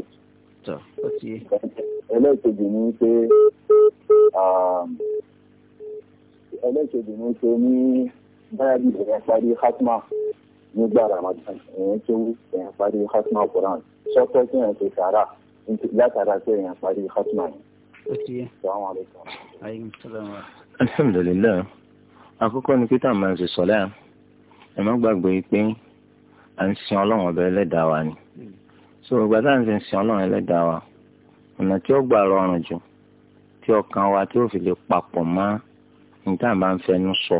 ẹlẹ́kejì ni pé ẹlẹ́kejì ni pé ní báyàbí ìyẹn parí hatma nígbà ramadan ìyẹn tó ìyẹn parí hatma koran sọ́tọ́ sí ìyẹn tó sàrà látara pé ìyẹn parí hatma yẹn. alhamdulilayi àkọ́kọ́ ni peter man ṣe sọlá ẹ má gbàgbé pé à ń sin ọlọ́run ọbẹ̀ ẹlẹ́dàá wa ni so ìgbà tá à ń sin sin ọlọ́run ẹlẹ́dàá wa ọ̀nà tí ó gbà rọrùn jù tí ọkàn wa tí ó fi lè papọ̀ mọ́ níta máa ń fẹnu sọ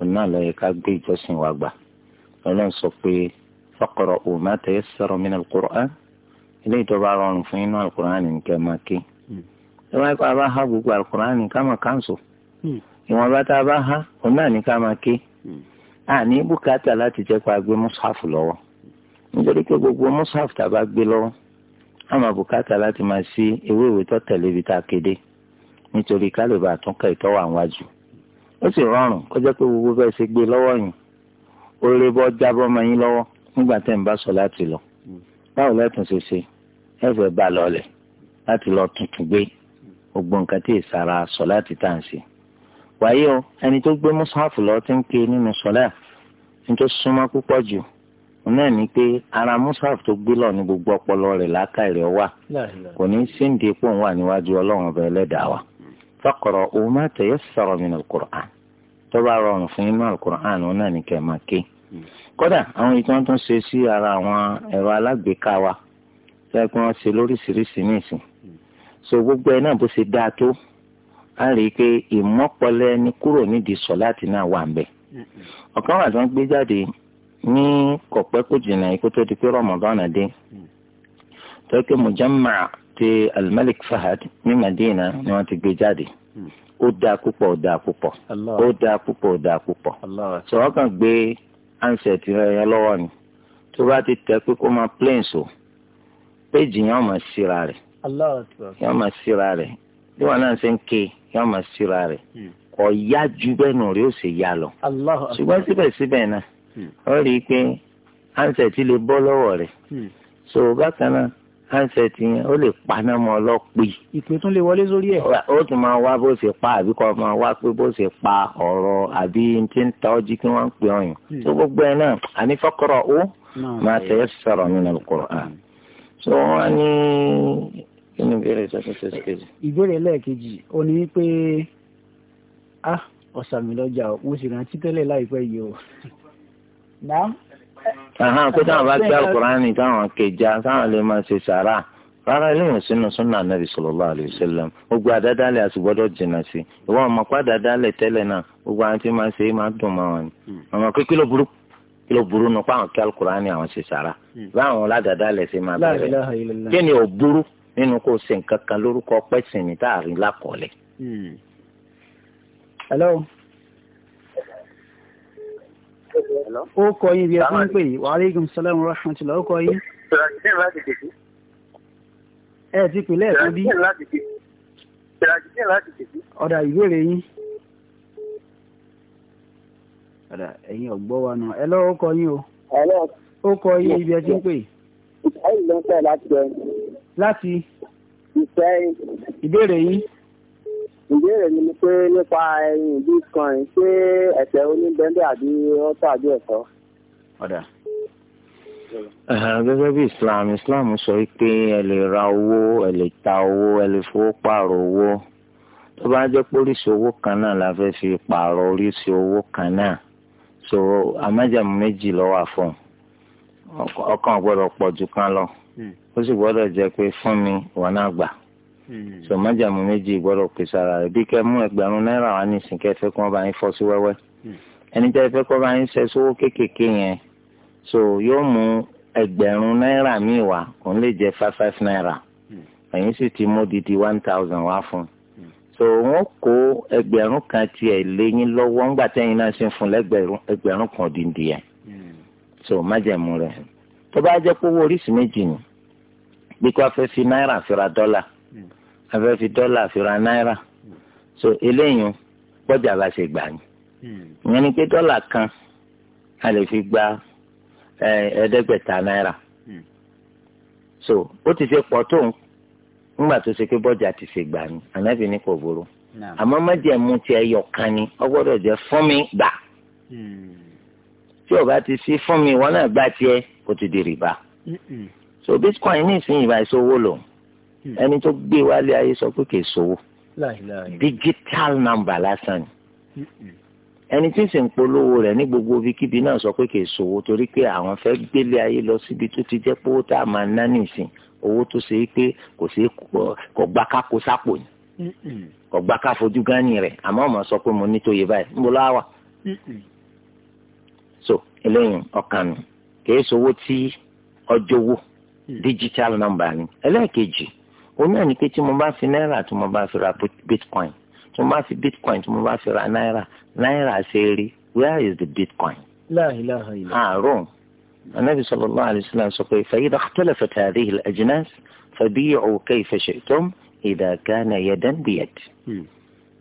òun náà ló yẹ ká gbé ìjọsìn wa gbà ọlọ́run sọ pé faqra'u ma tayassara min al-Qur'an ilé ìtọ́ba rọrùn fún inú al-Qur'an nìkẹ́ máa ké ẹ wáyé pa bá ha gbogbo al-Qur'an nìkan máa kánṣó hmm. ìwọ̀nba tá a bá ha òun náà nìkan máa ké. Hmm àní bùkátà láti jẹ́ pé a gbé mùsàfù lọ́wọ́ nítorí pé gbogbo mùsàfù tá a bá gbé lọ́wọ́ a máa bùkátà láti máa sí ewé ìwé tó tẹ̀lé ibi tá a kéde nítorí kálíbà àtúnkà ìtọ́wà wájú ó sì rọrùn kó jẹ́ pé gbogbo bẹ́ẹ̀ ṣe gbé lọ́wọ́ yìí ó lè bọ́ jábọ́ mọ́ yín lọ́wọ́ nígbà tẹ́ ń bá sọ láti lọ báwo lẹ́tùn ṣe ṣe ẹ fẹ́ bá lọ láti lọ tuntun gbé gbogbo nǹkan tí ìsara sọ láti tà wàyí o ẹni tó gbé mùsàáfù lọ ti ń ké nínú sọlá ní tó súnmọ́ púpọ̀ jù náà ni pé ara mùsàáfù tó gbé lọ ní gbogbo ọpọlọ rẹ̀ lákàì rẹ̀ wà kò ní síǹde pò ń wà níwájú ọlọ́run ọba ẹlẹ́dàá wa faqra ma tayassara min al-Qur'an tó bá rọrùn fún inú al-Qur'an náà ni kẹ̀ máa ké kódà àwọn ìtàn tó ń ṣe sí ara àwọn ẹ̀rọ alágbèéká wa fẹ́ẹ́ kí wọ́n ṣe lóríṣiríṣi ní ìsìn so gbogbo ẹ náà bó ṣe dáa tó a rí i pé ìmọ́pọlẹ ní kúrò nídìí sọ láti náà wà ń ọ̀kan wà tó ń gbé jáde ní kọ̀pẹ́ kò jìnnà tó di pé Ramadan dé tó mujamma ti al Fahad ní Madina ni wọ́n ti gbé jáde ó dáa púpọ̀ ó dáa púpọ̀ ó dáa púpọ̀ ó dáa púpọ̀ sọ̀rọ̀ kan gbé ansẹ̀t rẹ̀ lọ́wọ́ ni tó bá ti tẹ pé kó máa plẹ̀ so péjì yẹn ọmọ síra rẹ̀ yẹn ọmọ síra rẹ̀ bí wọn náà ṣe ń ké yóò máa síra rẹ̀ hmm. kò yá ju bẹ́ẹ̀nù rẹ̀ ó sì yá lọ. ṣùgbọ́n síbẹ̀síbẹ̀ náà hmm. ó rí i pé ansẹ̀tì lè bọ́ lọ́wọ́ rẹ̀ hmm. so bákan náà ansẹ̀tì yẹn ó lè paná mọ́ ọlọ́pì. ìpè tún lè wọlé sórí ẹ̀. ó tún máa wá bó ṣe pa àbí kò máa wá pé bó ṣe pa ọ̀rọ̀ àbí tí ń ta ọjí kí wọ́n ń pè ọyàn. tó gbogbo ẹ̀ náà àní fọ́kọ̀rọ̀ ó máa tẹ̀yẹ́ sọ̀rọ̀ nínú al kí ni ìbéèrè sẹ́kùn ṣe sí kejì. ìbéèrè lẹ́ẹ̀kejì ó ní pé a ah, ọ̀sàmì lọ́jà mo sì rántí tẹ́lẹ̀ láìpẹ́ yìí o. àhán pé táwọn bá gbé àkùránì táwọn kejì táwọn lè máa ṣe sàrà rárá eléyìí sínú súnà nàbì sallallahu alayhi wa sallam gbogbo àdádálẹ̀ àsìgbọ́dọ̀ jìnnà sí ìwọ ọmọ pa àdádálẹ̀ tẹ́lẹ̀ náà gbogbo àwọn tí máa ṣe é máa dùn máa wọn ni hmm. ọmọ pé kí ló burú kí ló burú nu pa àwọn kí alukurani àwọn ṣe sàrà hmm. báwọn ládàádálẹ̀ ṣe máa bẹ̀rẹ̀ kí ni ò burú nínú kó o ṣe nǹkan kan lórúkọ pẹ́sìn ní táàrin lákọọ́lẹ̀. Hmm. hello. ó kọ yín bí ẹ fún pé wa aleykum salaam wa rahmatulah ó kọ yín. ẹ ti pèlè ẹ̀sán bí. ọ̀dà ìbéèrè yín. ọ̀dà ẹ̀yin ọ̀gbọ́n wa nù ẹ lọ́wọ́ kọ yín o. ó kọ yín ibi ẹ ti ń pè ìfẹ́ ló ń fẹ́ láti ẹ. láti. ìfẹ́. ìbéèrè yín. ìbéèrè mi ni pé nípa ẹyin bitcoin ṣé ẹ̀sẹ̀ oníbẹ̀ndẹ̀ àbí ọ́tọ̀ àbí ẹ̀fọ́. ọ̀dà gẹ́gẹ́ bí islam islam sọ pé ẹ lè ra owó ẹ lè ta owó ẹ lè fowó pààrọ̀ owó tó bá jẹ́ pólísì owó kan náà la fẹ́ fi pààrọ̀ oríṣi owó kan náà so amájàmú méjì ló wà ọkàn gbọ́dọ̀ pọ̀ jù kan lọ hmm. ó sì gbọ́dọ̀ jẹ́ pé fún mi wọn náà gbà hmm. sọmọjàmù méjì gbọ́dọ̀ pèsè ara rẹ̀ bí kẹ́ mú ẹgbẹ̀rún náírà wá ní ìsìnkẹ fẹ́ kó wọn bá yín fọ́ sí wẹ́wẹ́ hmm. ẹni tẹ́ fẹ́ kó bá yín ṣe sówó kéékèèké yẹn so yóò mú ẹgbẹ̀rún náírà míì wá òun lè jẹ́ five five náírà ẹ̀yin sì ti mú didi one thousand wá fún un so wọn kó ẹgbẹ̀rún kan tiẹ̀ lé yín lọ́wọ́ ńgbà tẹ́yin náà ṣe ń fún lẹ́gbẹ̀rún kan dìndín yẹn. tó májẹ̀mú rẹ̀ tó bá jẹ́ pé owó oríṣi méjì ni bí kò afẹ́ fi náírà fira dọ́là afẹ́ fi dọ́là fira náírà so eléyìí gbọ́dọ̀ bá ṣe gbà ní. ìyẹn ni pé dọ́là kan a lè fi gba ẹ̀ẹ́dẹ́gbẹ̀ta náírà so ó ti ṣe pọ̀ tó ńgbà tó ṣe pé bọ́jà ti ṣe gbà ní ànábì ní kò burú àmọ́ májẹ̀mú tiẹ̀ yọ̀ kan ni ó jẹ́ fún mi gbà. tí o bá ti sí fún mi ìwọ náà gbà tiẹ̀ kó ti di rìbá so bitcoin ní ìsinyìí bá ìṣòwò lò ẹni tó gbé wálé ayé sọ pé kì í ṣòwò digital number lásán ni ẹni tí ń sì ń polówó rẹ̀ ní gbogbo ibikíbi náà sọ pé kì í ṣòwò torí pé àwọn fẹ́ gbélé ayé lọ síbi tó ti jẹ́ pé owó tá a máa ná nìsín owó tó ṣe é pé kò sí kò gbá kákó sápò ni kò gbá káfojú gánì rẹ̀ àmọ́ ọ̀mọ̀ sọ pé mo ní tó yẹ báyìí ń bọ́ lọ́wọ́ so eléyìn ọ̀kan nù kìí sowó tí ọjọ́ wò digital number ni ẹlẹ́ẹ̀kejì omi àní pé tí mo bá fi náírà tí mo bá fi ra bitcoin tí mo bá fi bitcoin tí mo bá fi ra náírà náírà ṣe rí where is the bitcoin. láàhìláhà yìí. àárọ̀ anabi sallallahu alayhi wa sallam sọ pé fa'idha ikhtalafat hadhihi al-ajnas fabi'u kayfa shi'tum idha kana yadan biyad.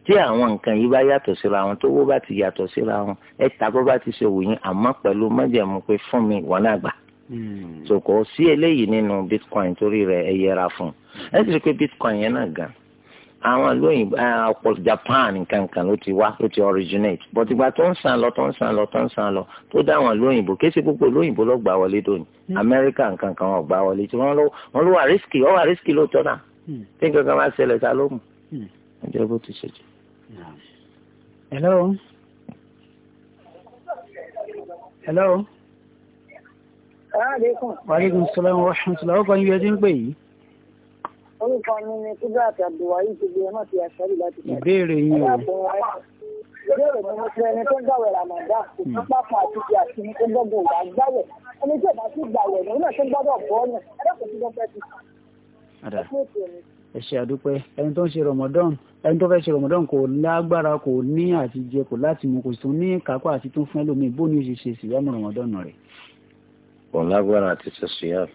tí àwọn nǹkan yìí bá yàtọ̀ síra wọn tó wó bá ti yàtọ̀ síra wọn ẹ ta bó bá ti ṣe wò yín àmọ́ pẹ̀lú májẹ̀mú pé fún mi wọ́n náà gbà. Hmm. so kò sí eléyìí nínú bitcoin torí rẹ̀ ẹ yẹra fún un ẹ sì rí pé bitcoin yẹn náà gan àwọn lóyìn ọ̀pọ̀ Japan nǹkankan ló ti wá ló ti originate but ìgbà tó ń sàn lọ tó ń sàn lọ tó ń sàn lọ tó dá àwọn lóyìnbó kéṣe gbogbo lóyìnbó ló gbà wọlé dòní hmm. Amẹ́ríkà nǹkankan wọn gbà wọlé tí wọ́n ló wà risky ó wà risky lóòótọ́ náà hmm. tí nǹkankan bá ṣẹlẹ̀ ta ló mú ẹjọ́ bó ti ṣe jù hello hello. Wàlékún Sọlọ́run Washington, ọkọ̀ yíò ẹdín pè yìí. Orúkọ mi ni Kúdàtà Àbdùwáyé ti di ẹmọ́ ti àṣẹ́rì láti ṣe. Ìbéèrè yìí o. Ìbéèrè mi mo ti ẹni tó gbàwẹ̀ Ràmàdá, nípa fún àtúnṣe àti ní tó gbọ́gbọ̀ ìgbà gbàwẹ̀. Ẹni tí ò sí gbàwẹ̀ ní oníṣẹ́ gbọ́dọ̀ bọ́ọ̀nù, ẹ̀rọ ẹ ṣé àdúpẹ́ ẹni tó ń ṣe rọmọdán ẹni tó fẹ́ ṣe rọmọdán kò lágbára kò ní àti jẹ kò láti mú kò sì tún ní kápá àti tún fún ẹlòmíì bó ni ó ṣe ṣe síyàmù rọmọdán rẹ̀. kò lágbára àti ṣe síyàmù.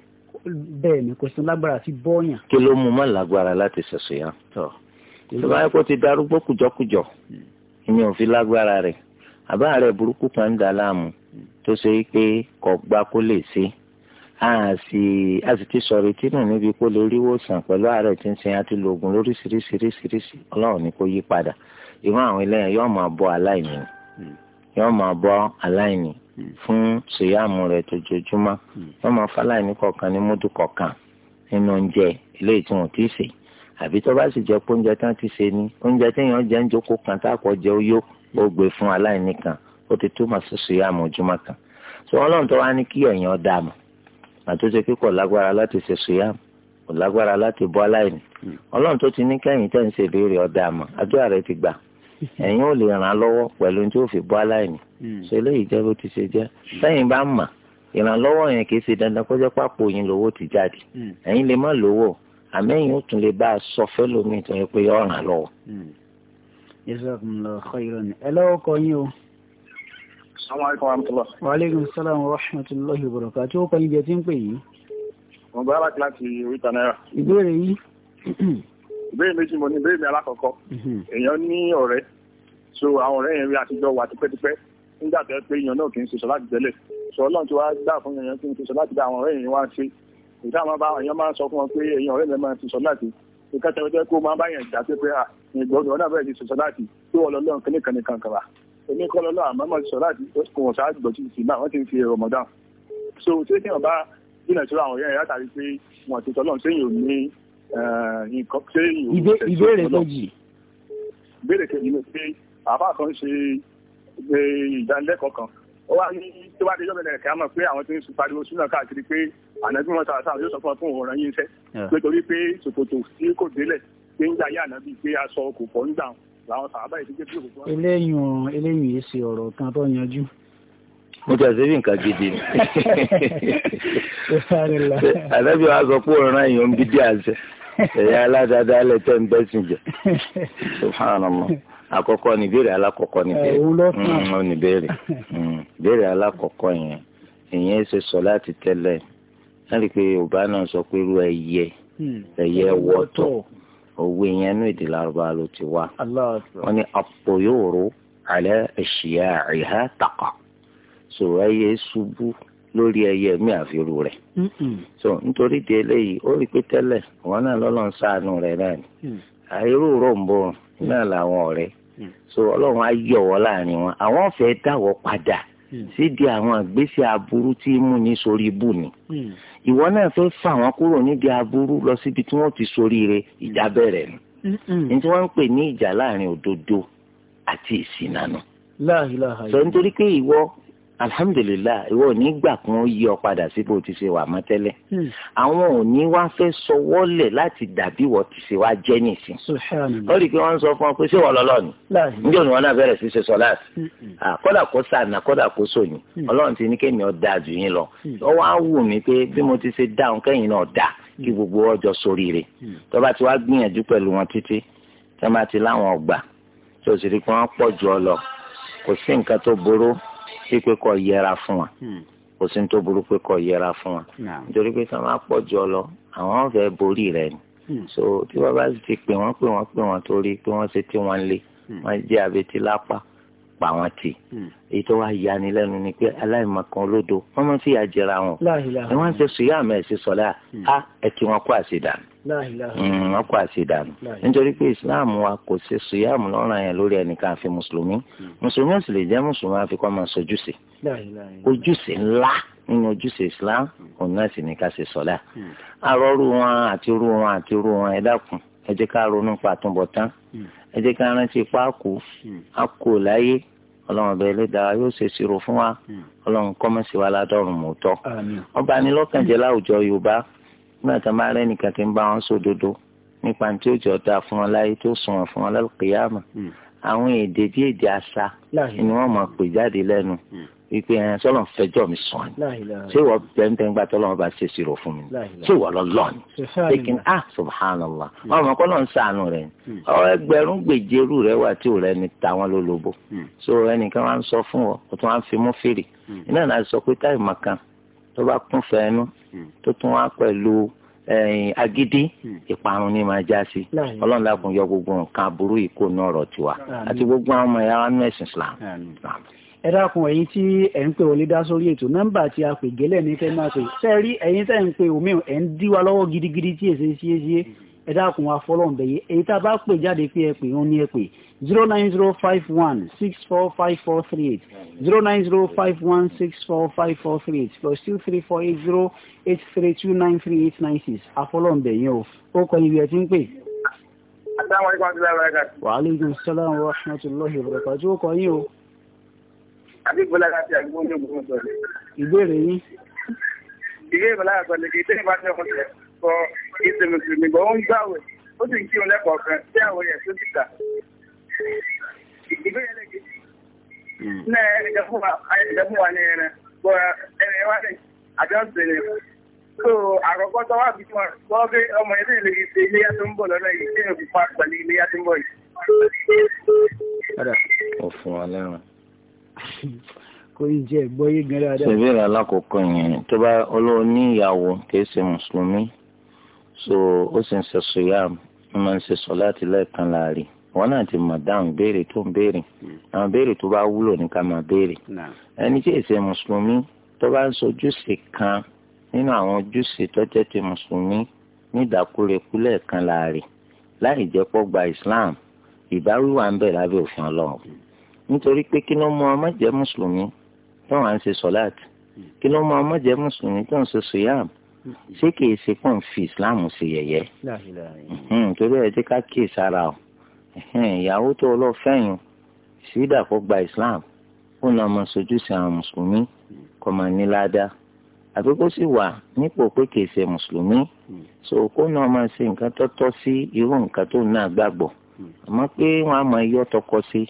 bẹ́ẹ̀ ni kò sí lágbára àti bọ́ọ̀yàn. kí ló mú má lágbára láti ṣe síyàmù. tó bá yẹ kó ti darúgbó kùjọkùjọ ìyẹn ò fi lágbára rẹ̀ àbá rẹ̀ burúkú kan ń láàmú tó ṣe pé kò gbà kó lè ṣe a si ti sọ̀rọ̀ etí nù níbi kó lè ríwó sàn pẹ̀lú àárẹ̀ tí ń sin àti lògùn lóríṣiríṣiríṣiríṣi ọlọ́run ni kò yí padà irú àwọn eléyàn yóò máa bọ́ aláìní yóò máa bọ́ aláìní fún sèyáàmù rẹ̀ tójoojúmọ́ yóò máa fáláìní kọ̀ọ̀kan ní múdù kọ̀ọ̀kan nínú oúnjẹ tí wọ́n ti àbí tó bá ti ni oúnjẹ téèyàn jẹ́ ń jókòó kan táàpọ̀ jẹ́ ó yó ó gbé fún aláìní kan ó ti túmọ̀ sí kan tó wá ní kí ẹ̀yàn àtúnṣe kíkọ̀ lágbára láti ṣe sùyàm kò lágbára láti bọ́ aláìní hmm. ọlọ́run tó ti ní kẹ́yìn tẹ̀ ń ṣe ìbéèrè ọ̀dà àmọ́ àdúrà rẹ ti gbà hmm. ẹ̀yin ò lè ràn án lọ́wọ́ pẹ̀lú tí ó fi bọ́ aláìní ṣe hmm. eléyìí jẹ́ bó ti ṣe jẹ́ sẹ́yìn bá mà ìrànlọ́wọ́ yẹn kì ṣe dandan kó jẹ́ pápó yín lówó ti jáde ẹ̀yin lè má lówó ó tún lè bá a sọ pé ọ̀ràn Wa alaikum salam wa rahmatullahi wa barakatuh. Tí ó kọ́ ibi tí ń pè yìí. Mo gbọ́ láti láti oríta náírà. Ìbéèrè yìí. Ìbéèrè méjì mo ní ìbéèrè mi alákọ̀ọ́kọ́. Mhm. Èèyàn ní ọ̀rẹ́. So àwọn ọ̀rẹ́ yẹn rí àtijọ́ wà tipẹ́tipẹ́. Nígbà tó yẹ pé èèyàn náà kì í ṣe sọ láti tẹ́lẹ̀. Sọ Ọlọ́run ti wá gbà fún èèyàn kí n ti sọ láti dá àwọn ọ̀rẹ́ yẹn wá ṣe. Ìta máa bá èèyàn máa sọ Ìkẹta ọjọ́ kó máa bá èèyàn jà pé pé à ìgbọ́dọ̀ náà bẹ̀rẹ̀ ti sọ láti. Tó ọlọ́lọ́run kìnnìkan nìkan kàrà èmi kọ́ lọ́lọ́ àmọ́ mọ̀ sọ láti kò wọ́n ṣáájú gbọ́tí sí náà wọ́n ti ń fi ẹ̀rọ mọ̀dá so tí èèyàn bá jìnà sí àwọn ọ̀rẹ́ látàrí pé wọ́n ti tọ́lọ́ sẹ́yìn ò ní eh, nǹkan sẹ́yìn ò ìbéèrè kejì. ìbéèrè kejì ni pé àbá kan ṣe ìdánilẹ́kọ̀ọ́ kan ó wá ní tó bá dé jọ́bẹ̀ lẹ́yìn kí pé àwọn tí ń sun pariwo sínú káàkiri pé ànábì wọn àwọn sàábà ìdíje bí òkú. eléyìn eléyìn yìí ṣe ọ̀rọ̀ kan tó yanjú. mo ti àṣẹ bí nǹkan gidi ni. àdájọ́ wa sọ pé òun rán èèyàn ń bí dí àṣẹ ẹ̀yà aládàáda alẹ́ tẹ́ ń bẹ́sìn jẹ subhanallah àkọ́kọ́ ni ìbéèrè alákọ̀ọ́kọ́ ni ìbéèrè mm, ni ìbéèrè mm, ìbéèrè alákọ̀ọ́kọ́ yẹn ìyẹn ṣe sọ láti tẹ́lẹ̀ láti pé yorùbá náà sọ pé irú ẹyẹ hmm. ẹyẹ wọ́tọ̀ òwe yẹn ní èdè lárúbá ló ti wá wọn ni àpòyòrò alẹ́ ẹ̀ṣìyà àríhá tàkà so ẹyẹ ṣubú lórí ẹyẹ mi àfihàn rẹ so nítorí di eléyìí ó rí pé tẹ́lẹ̀ wọn náà lọ́lọ́ ń rẹ̀ náà ni mm. àìrò rọ̀ǹbọ̀n náà làwọn ọ̀rẹ́ mm. so ọlọ́run á yọ̀ wọ́n láàrin wọn àwọn Hmm. sídìí àwọn àgbésẹ̀ aburú tí mú ní sórí ibù ni hmm. ìwọ náà fẹ́ fà wọ́n kúrò nídìí aburú lọ síbi tí wọ́n ti sórí rẹ ìjà bẹ̀rẹ̀ ni hmm. ní tí wọ́n ń pè ní ìjà láàrin òdodo àti ìsìnànà. sọ nítorí pé ìwọ alhamdulilah ìwọ ni ní gbà kún ó yí ọ padà sí bó ti ṣe wà mọ́ tẹ́lẹ̀ hmm. àwọn ò ní wá fẹ́ sọwọ́lẹ̀ láti dàbí wọ́n ti ṣe wá jẹ́ nìsín ó rí i pé wọ́n ń sọ fún ọ pé ṣé wọ́n lọ́lọ́ ni níbi òní wọn náà bẹ̀rẹ̀ sí ṣe sọ́láàsì hmm, hmm. kódà kó sànà kódà kó sòyìn ọlọ́run ti ní kéèyàn ó dáa jù yín lọ ó wá wù mí pé bí mo ti ṣe dáhùn kẹ́yìn náà dáa kí gbogbo ọjọ́ soríire tó bá ti gbìyànjú pẹ̀lú wọn títí tó láwọn ọgbà tó sì rí i pé wọ́n sí pé kó yẹra fún wa hmm. kò sí tó burú pé kó yẹra fún wa nítorí pé sọ́n pọ̀ jù ọ lọ àwọn fẹ́ borí rẹ ni hmm. so tí wọ́n bá ti pè wọ́n pè wọ́n pè wọ́n torí pé wọ́n ṣe tí wọ́n lé hmm. wọ́n jẹ́ abetí lápá pa wọn tì hmm. èyí tó wá yanilẹ́nu ni pé aláìmọ̀kan olódo wọ́n máa ń fìyà jẹra wọn ni wọ́n ń ṣe sùúyà mẹ́sì sọ́lá a ẹ kí hmm, wọ́n kó àṣedànù wọ́n kó àṣedànù nítorí pé islam wa kò ṣe sùúyà lọ́rùn yẹn lórí ẹnìkan àfi mùsùlùmí hmm. mùsùlùmí sì lè jẹ́ mùsùlùmí àfi kọ́ máa sojúṣe ojúṣe ńlá nínú ojúṣe islam òun náà sì ní ká ṣe sọ́lá àrọ́rù wọn àti rú wọn àti rú wọn ẹ dákun ẹ jẹ́ ká ronú pa àtúbọ̀tán ẹ jẹ́ ká rántí páàkù á kò láyé ọlọ́run ọbẹ̀ ẹlẹ́dàá yóò ṣe ṣirò fún wa hmm. ọlọ́run kọ́mọ̀sí wa ládọ́rùn mọ́tọ́. ọba ni lọ́kànjẹ́ láwùjọ yorùbá nígbà tá a máa rẹ́ nìkan kí n bá wọn sódodo nípa tí ó jọ da fún wọn láyé tó sùn wọn fún wọn lálùkìyàmà hmm. àwọn èdè bí èdè àṣà ni wọ́n máa pè jáde lẹ́nu hmm ìpè ẹ̀ sọ́lọ́n fẹjọ́ mi sùn ni ṣé wọ́n tẹ́ntẹ́ngbà tọ́lọ́n bá ṣe ṣirò fún mi ṣé wọ́n lọ lọ́ọ̀ ni taking ah subhanallah wọn hmm. mọ̀ kọ́lọ́n sànù rẹ̀ ni hmm. ọ̀ ẹgbẹ̀rún gbèjèrú rẹ̀ wà tí ò rẹ̀ ni tàwọn ló lobo hmm. so ẹnìkan wá ń sọ fún ọ o tún wá ń fi mú fèrè iná náà sọ pé táì màkàn tó bá kún fẹ́ẹ́nu tó tún wá pẹ̀lú agídí ìparun ni máa já sí ọlọ́run lákùn yọ gbogbo nǹkan aburú ìkó náà rọ̀ tiwa àti gbogbo àwọn ọmọ ẹ̀yà wa nú ẹ̀sìn Islam ẹ dákun ẹ̀yin tí ẹ̀ ń pè wọlé dá sórí ètò nọ́mbà tí a pè gẹ́lẹ́ ní kẹ́ máa pè ṣe rí ẹ̀yin tẹ́ ń pè omi ẹ̀ ń dí wa lọ́wọ́ gidigidi tí èsì ṣíé ṣíé ẹ dákun wa fọlọ́n bẹ̀yẹ èyí tá a bá pè jáde pé ẹ pè wọ́n ní ẹ pè zero nine zero five one six four five four three eight zero nine zero five one six four five four three eight plus two three four eight zero eight three two nine three eight nine six àfọlọ́n bẹ̀yẹ o ó kọ́ ibi ẹ ti ń pè. asalaamualeykum wa rahmatulahi wa barakatu. wa rahmatulahi wa barakatu kọ́ yín o àdìgbòlá láti àgbọn ní ògbómọ̀ sọ̀rọ̀. ìbéèrè yín. ìbéèrè bọ́lá àgbọ̀n ni kì í tẹ́lẹ̀ bá tẹ́ ọkùnrin rẹ̀ sọ ìṣe mùsùlùmí bọ̀ ó ń gbàwẹ̀ ó sì ń kí òun lẹ́kọ̀ọ́ kan tí àwọn yẹn tó ti gbà. ìbéèrè lẹ́gẹ̀ẹ́ náà ẹnìkan fún wa ní ẹran bọ́ ẹni wá ní àjọṣe ni so àkọ́kọ́ tó wà fi tí wọ́n sọ pé ọmọ yẹn lè ṣe iléyà tó ń bọ̀ lọ́nà yìí tí èèyàn fi pa pẹ̀lú iléyà tó ń bọ̀ yìí kò yìí jẹ́ ìgbọ́yé gan dáadáa. sèbéèrè alákòókò yẹn tó bá olówó ní ìyàwó kìí ṣe mùsùlùmí so ó sì ń ṣe sùyàm ó máa ń ṣe sọlá àti lẹ́ẹ̀kan láàrin wọn náà ti mọ̀ dáhùn béèrè tó ń béèrè àwọn béèrè tó bá wúlò ní ká máa béèrè ẹni tí èsè mùsùlùmí tó bá ń sojúṣe kan nínú àwọn ojúṣe tó jẹ́ ti mùsùlùmí nídàkúrekú lẹ́ẹ̀kan láàrin láì jẹ́ pọ́ gba Islam ìbáwíwá ń bẹ̀ lábẹ́ òfin Ọlọ́run nítorí pé kí ló mú ọmọ jẹ́ mùsùlùmí tó wà ń ṣe sọ̀láàtì kí ló mú ọmọ jẹ́ mùsùlùmí tó ń ṣe sùyàm ṣé kìí ṣe pọ̀ ń fi ìsìláàmù ṣe yẹ̀yẹ́ torí ẹ̀ ti ká kíì sára o ìyàwó tó ọlọ́fẹ́yìn sídà kó gba ìsìláàmù ó náà máa ṣojúṣe àwọn mùsùlùmí kó máa ní ládàá àbí kó sì wà nípò pé kìí ṣe mùsùlùmí so kó náà máa ṣe nǹkan tó tọ́ sí irú nǹkan tó náà gbàgbọ́ àmọ́ pé wọ́n á máa yọ́ tọkọ sí i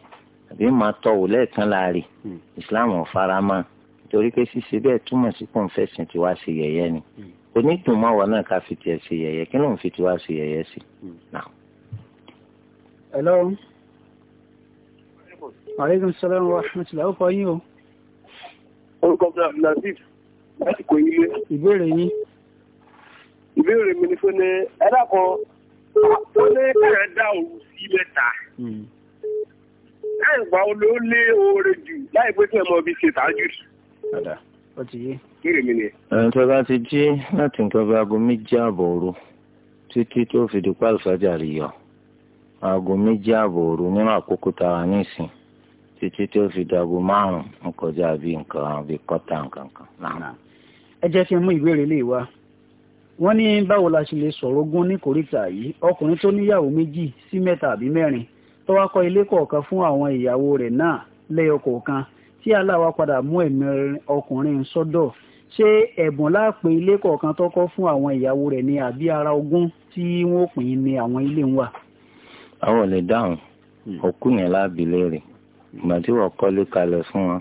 àbí máa tọ̀ wò lẹ́ẹ̀kan láàrin hmm. islam ò fara mọ́ torí pé ṣíṣe bẹ́ẹ̀ túmọ̀ sí pọ̀ ń fẹ̀sìn tí wàá ṣe yẹ̀yẹ́ ni hmm. onídùnmọ́ wa náà ká fi tiẹ̀ ṣe yẹ̀yẹ́ kí ló ń fi tiwa ṣe yẹ̀yẹ́ sí. Hmm. hello. aleykum salaam wa rahmatulah ó yín o. orúkọ mi náà latif láti kò yín lé. ìbéèrè yín. ìbéèrè mi ni fún ni ẹ dákọ ó ní kẹrẹ òun sí mẹ́ta. ẹ̀gbà olè ó lé oore jù láì pé tí ẹ mọ ibi ṣe tàájú. ọ̀dà ó ti yé. mi ni. bá ti jí láti nǹkan bí aago méjì títí tó fi di pàlùfájà rí yọ aago méjì ààbọ̀ òru nínú àkókò tá a wà títí tó fi márùn nǹkan nǹkan kan. ẹ jẹ́ la ṣe lè sọ̀rọ̀ ní kòríta yìí ọkùnrin tó níyàwó méjì sí mẹ́ta àbí mẹ́rin tó wá kọ́ ilé kọ̀ọ̀kan fún àwọn ìyàwó rẹ̀ náà lẹ́yọ kọ̀ọ̀kan tí aláwa padà mú ẹ̀mí ọkùnrin sọ́dọ̀ ṣé ẹ̀bùn láàpín ilé kọ̀ọ̀kan tó fún àwọn ìyàwó rẹ̀ ni àbí ara ogún tí wọ́n pín ní àwọn ilé ń wà. àwọn ò lè dáhùn hmm. òkú yẹn láàbì léèrè ìgbà tí wọ́n kọ́lé kalẹ̀ fún wọn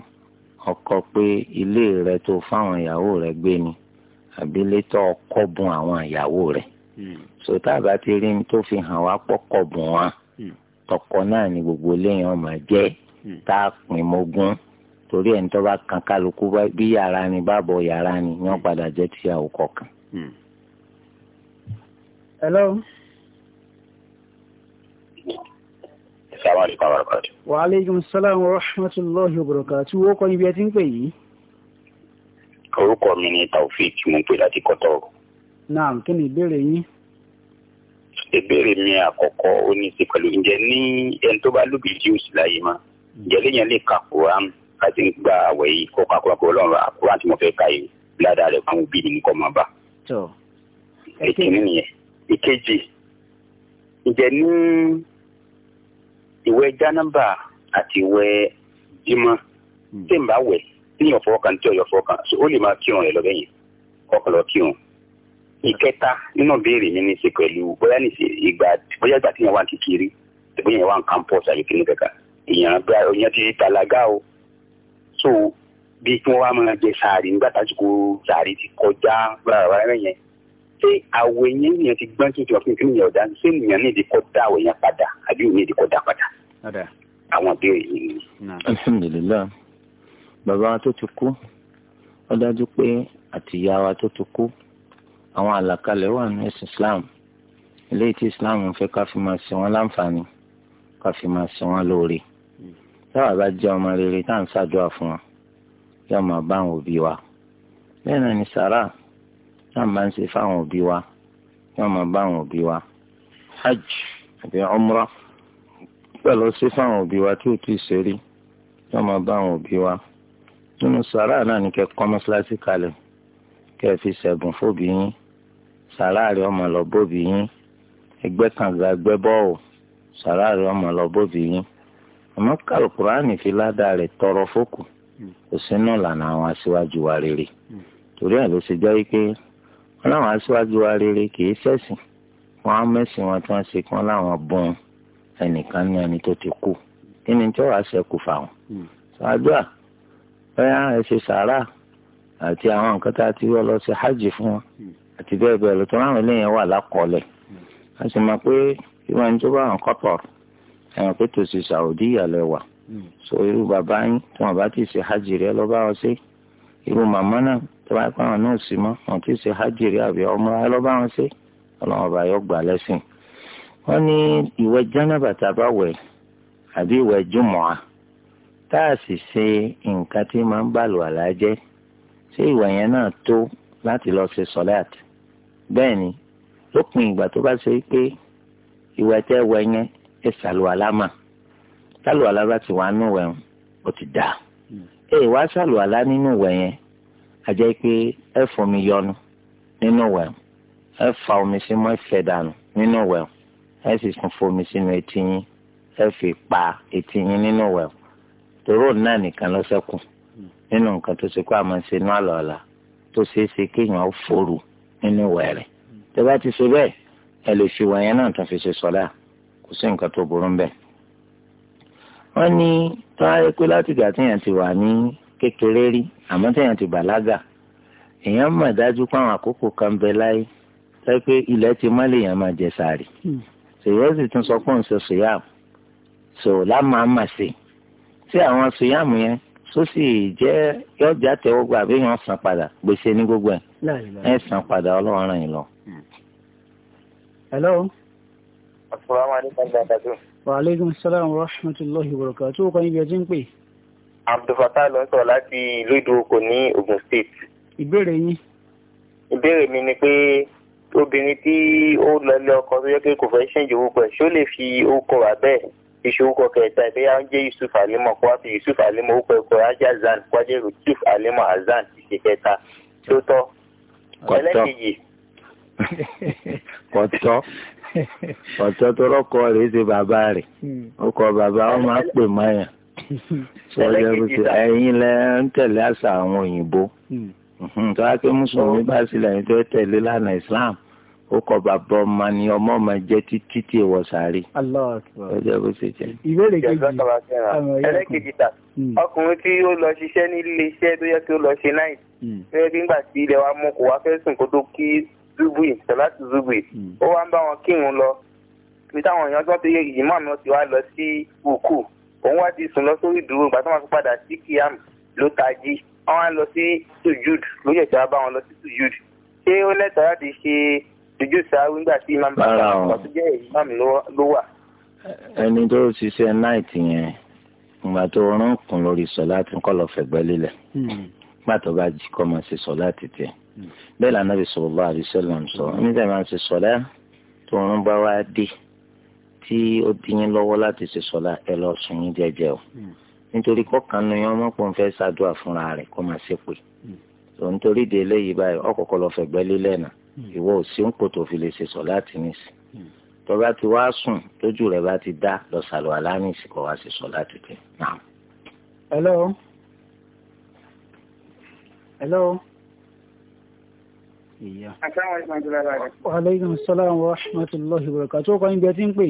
ọkọ pé ilé rẹ tó fáwọn ìyàwó rẹ gbé ni àbí létọ ọkọ bùn àwọn ìyàwó rẹ hmm. sọtá àbá tó fi hàn wá pọkọ bùn wọn tọkọ náà ni gbogbo lẹ́yìn ọmọ jẹ́ hmm. tá a pín mọ́gún torí ẹni tó bá kan kálukú bí yàrá ni bábọ̀ yàrá ni yàn hmm. padà jẹ́ tíyàwó kọ̀ọ̀kan. Hmm. hello. Assalamu alaikum warahmatullahi. Wa alaikum assalam warahmatullahi wabarakatuh. Wo kọ́ ibi ẹ ti ń pè yìí? Orúkọ mi ni Taofik, mo ń pè láti Kọ́tọ́rù. Naam, kí ni ìbéèrè yín? ìbéèrè mi àkọ́kọ́ ó ní í ṣe pẹ̀lú ǹjẹ́ ní ẹni tó bá lùbí tí ó sì láyé mọ́ ǹjẹ́ léèyàn lè ka quran láti gba àwẹ̀ yìí kó ka quran kó lọ́rùn àkúrà tí mo fẹ́ ka yìí ládàá rẹ̀ fún àwọn òbí mi nìkan máa bá. ìkíní nìyẹn ìkejì ǹjẹ́ ní ìwẹ̀ jánábà àti ìwẹ̀ jímọ̀ hmm. tí n bá wẹ̀ ní ọ̀fọ̀ kan tí ọ̀yọ̀ fọ̀ kan ó lè máa kírun rẹ̀ lọ́bẹ̀yìn kọ́kànlọ́ kírun ìkẹta nínú ìbéèrè mi ní í ṣe pẹ̀lú bóyá ní ìgbà bóyá ìgbà tí yẹn wà kékeré bóyá yẹn wà ní campus àyíkéyìn kẹkà èèyàn bá èèyàn ti bàlágà o so bí kí wọ́n wá máa jẹ sàárì nígbà tásìkò sàárì ti kọjá bàbá yẹn ṣé àwọ̀ yẹn yẹn ti gbọ́n tuntun ọ̀fìn kí nìyẹn ọ̀dà ṣé nìyẹn ní ìdí kọjá àwọ̀ yẹn padà àbí òní ìdí kọjá padà àwọn ìbéèrè yìí ni. alhamdulilayi bàbá wa tó ti kú ó dájú pé àtìyá wa tó ti kú àwọn àlàkalẹ̀ wà ní ẹ̀sìn islam eléyìí tí islam fẹ́ ká fi máa ṣe wọ́n láǹfààní ká fi máa ṣe wọ́n lóore táwa bá jẹ́ ọmọ rere tá à ń ṣàdúrà fún wọn yóò máa bá àwọn òbí wa bẹ́ẹ̀ náà ni sàrà náà máa ń ṣe fáwọn òbí wa yóò máa bá àwọn òbí wa hajj àbí umra pẹ̀lú ṣe fáwọn òbí wa tí ò tí ì ṣe rí yóò máa bá àwọn òbí wa nínú sàrà náà ni kẹ́ kọ́ mọ́ṣáláṣí kalẹ̀ kẹ́ fi ṣẹ̀bùn fóbi yín sàráàrí ọmọ lọ bóbi yín ẹgbẹ́ kànga ẹgbẹ́ bọ́ọ̀ sàráàrí ọmọ lọ bóbi yín àmọ́ kàlùkùránì fi ládàá rẹ̀ tọrọ fókù kò sínú ìlànà àwọn aṣíwájú wa rere torí ẹ̀ ló ṣe jẹ́ wípé wọn láwọn aṣíwájú wa rere kìí ṣẹ̀sìn wọn á mẹ́sìn wọn tí wọ́n ṣe kí wọ́n láwọn bọ́n ẹnìkan ní ẹni tó ti kú kí ni tí wàá ṣẹ́kù fáwọn. àdúrà bẹ́ẹ̀ ẹ ṣe sàárà àti àwọn nǹkan tá a ti wọ́ lọ sí hajj fún wọn àti bẹ́ẹ̀ bẹ́ẹ̀ lọ tó ráwọn eléyẹn wà lákọọ́lẹ̀ a sì mọ̀ pé ìwọ ẹni tó bá wọn kọ́tọ̀ ẹ̀wọ̀n pé tòsí Saudi ìyàlẹ̀ wà so irú bàbá yín tí wọn bá ti ṣe hajj rẹ lọ bá wọn ṣe irú màmá náà tó bá pẹ́ wọn náà sì mọ́ wọn ti ṣe hajj rẹ àbí ọmọ ẹ lọ bá wọn ṣe ọlọ́run ọba yóò gbà lẹ́sìn wọ́n ní ìwẹ̀ jánábà tá a bá wẹ̀ àbí ìwẹ̀ jùmọ̀á tá a sì ṣe nǹkan tí máa ń bàlùwàlá jẹ́ ṣé ìwẹ̀ yẹn náà tó láti lọ ṣe sọ́láàtì bẹ́ẹ̀ ni lópin ìgbà tó bá ṣe pé ìwà tẹ́ wọ ẹyẹn ẹ ṣàlùwàlá mà ṣàlùwàlá bá ti wà nù wẹ̀hún ó ti dà ẹ wá ṣàlùwàlá nínú wẹ̀yẹn àjẹ́ pé ẹ fomi yọnu nínú wẹ̀hún ẹ fa omi sí mọ́ ìfẹ́ dànù nínú wẹ̀hún ẹ sì tún fomi sínú etí yín ẹ fi pa etí yín nínú wẹ̀hún tòró náà nìkan ló nínú nǹkan tó ṣe kó àmọ́ ṣe nú àlọ́ ọ̀la tó ṣeé ṣe kéèyàn fòrò nínú ìwẹ̀ rẹ̀ tó bá ti ṣe bẹ́ẹ̀ ẹ lè fi wọ̀nyẹn náà tún fi ṣe sọ́lá kò sí nǹkan tó burú bẹ́ẹ̀. wọ́n ní tó á yẹ pé láti ìgbà téèyàn ti wà ní kékeré rí àmọ́ téèyàn ti bàlágà èèyàn mọ̀ dájú pé àwọn àkókò kan bẹ láyé sọ pé ilẹ̀ ti mọ́ lèèyàn máa jẹ sàárì ṣèyàn hmm. sì tún sọ pé òun ṣe sòyàmù sò lámàámà sí tí àwọn sòyàmù yẹn sósì jẹ́ yọjà tẹ́wọ́gbà àbí yẹn sàn padà gbèsè ní gbogbo ẹ̀ ẹ san padà ọlọ́run ràn yín lọ. Hmm. hello. asalaamualeykum dadajo. wa aleykum salaam wa rahmatulahi wa barakatuh tó o kàn yín bí ẹ ti ń pè. abdulfatah ló ń sọ láti ìlú ìdókò ní Ògùn state. ìbéèrè yín. ìbéèrè mi ni pé obìnrin tí ó lọlé ọkọ tó yẹ pé kò fẹ́ ṣèǹjì orúkọ ṣó lè fi orúkọ wà bẹ́ẹ̀ ìṣòwòkọ kẹta ìbéyà ń jẹ́ yusuf alimọ̀ kó wá fi yusuf alimọ̀ orúkọ ẹ̀kọ́ ajá zan kó wá jẹ́ yusuf alimọ̀ azan ìṣèkẹta tó tọ́ kọ̀tọ́ kọ̀tọ́ kọ̀tọ́ tó rọ́kọ rẹ̀ ṣe bàbá rẹ̀ hmm. ó kọ bàbá ó máa pè máyà sọ́jà ló ti ẹ̀yin lẹ́ ń tẹ̀lé àṣà àwọn òyìnbó hmm. Hmm. tó wá pé mùsùlùmí bá sílẹ̀ yìí tó tẹ̀lé lánàá Islam ó kọ bàbá ọmọ ni ọmọ ọmọ jẹ títí tí èèwọ̀ sáré. ọjọ́ ìbéèrè kejì ẹlẹ́kejì ta. Hmm. ọkùnrin tí ó lọ ṣiṣẹ́ ní ilé iṣẹ́ tó yẹ kí ó lọ ṣe náì hmm. tó yẹ kí ńgbà tí ilẹ̀ wa mú kó wá fẹ́ sùn kó tó kí zubu yìí sọ láti zubu yìí hmm. ó wá ń bá wọn kírun lọ ibi táwọn èèyàn tó ń tẹ́yẹ ìjìmọ́ àmì wọn ti wá lọ sí òkú òun wá ti sùn lọ sórí ìdúró ìgbà tó máa fi padà sí kíám ló tají wọn wá lọ sí sujud ló yẹ kí wọn bá wọn lọ sí sujud ṣé ó lẹ́tọ̀ọ́ láti ṣe sujud sáré nígbà tí imam bá wà. ẹni tó ṣiṣẹ́ náìtì yẹn ìgbà tó rán kùn lórí sọláàtì ńkọ́ lọ fẹ̀gbẹ́ lélẹ̀ nígbà hmm. tó bá jí kọ́ máa ṣe sọláàtì tiẹ̀ hmm. bẹ́ẹ̀ lànà bí sallallahu alaihi wasallam sọ hmm. nígbà máa ṣe sọlá tó rán bá wá dé tí ó dín yín lọ́wọ́ láti ṣe sọlá ẹ lọ sùn yín jẹ́jẹ́ o nítorí kọ́kànnù yẹn ọmọkùnrin fẹ́ ṣàdúrà fúnra rẹ̀ kó máa ṣe pé tòun torí de eléyìí báyìí ọkọ̀ọ̀kọ̀ lọ fẹ̀gbẹ́ lélẹ̀ náà ìwọ ò tó fi lè ṣe sọlá tì nísìn tó bá ti wá sùn tójú rẹ̀ bá ti dá lọ sàlùwà lánìí ìsìnkọ wá sí sọ láti tẹ náà. hello hello. ìyá. aleykum salaam wa rahmatulahi wa barakatuh kọ́ ibi ẹ ti ń pè.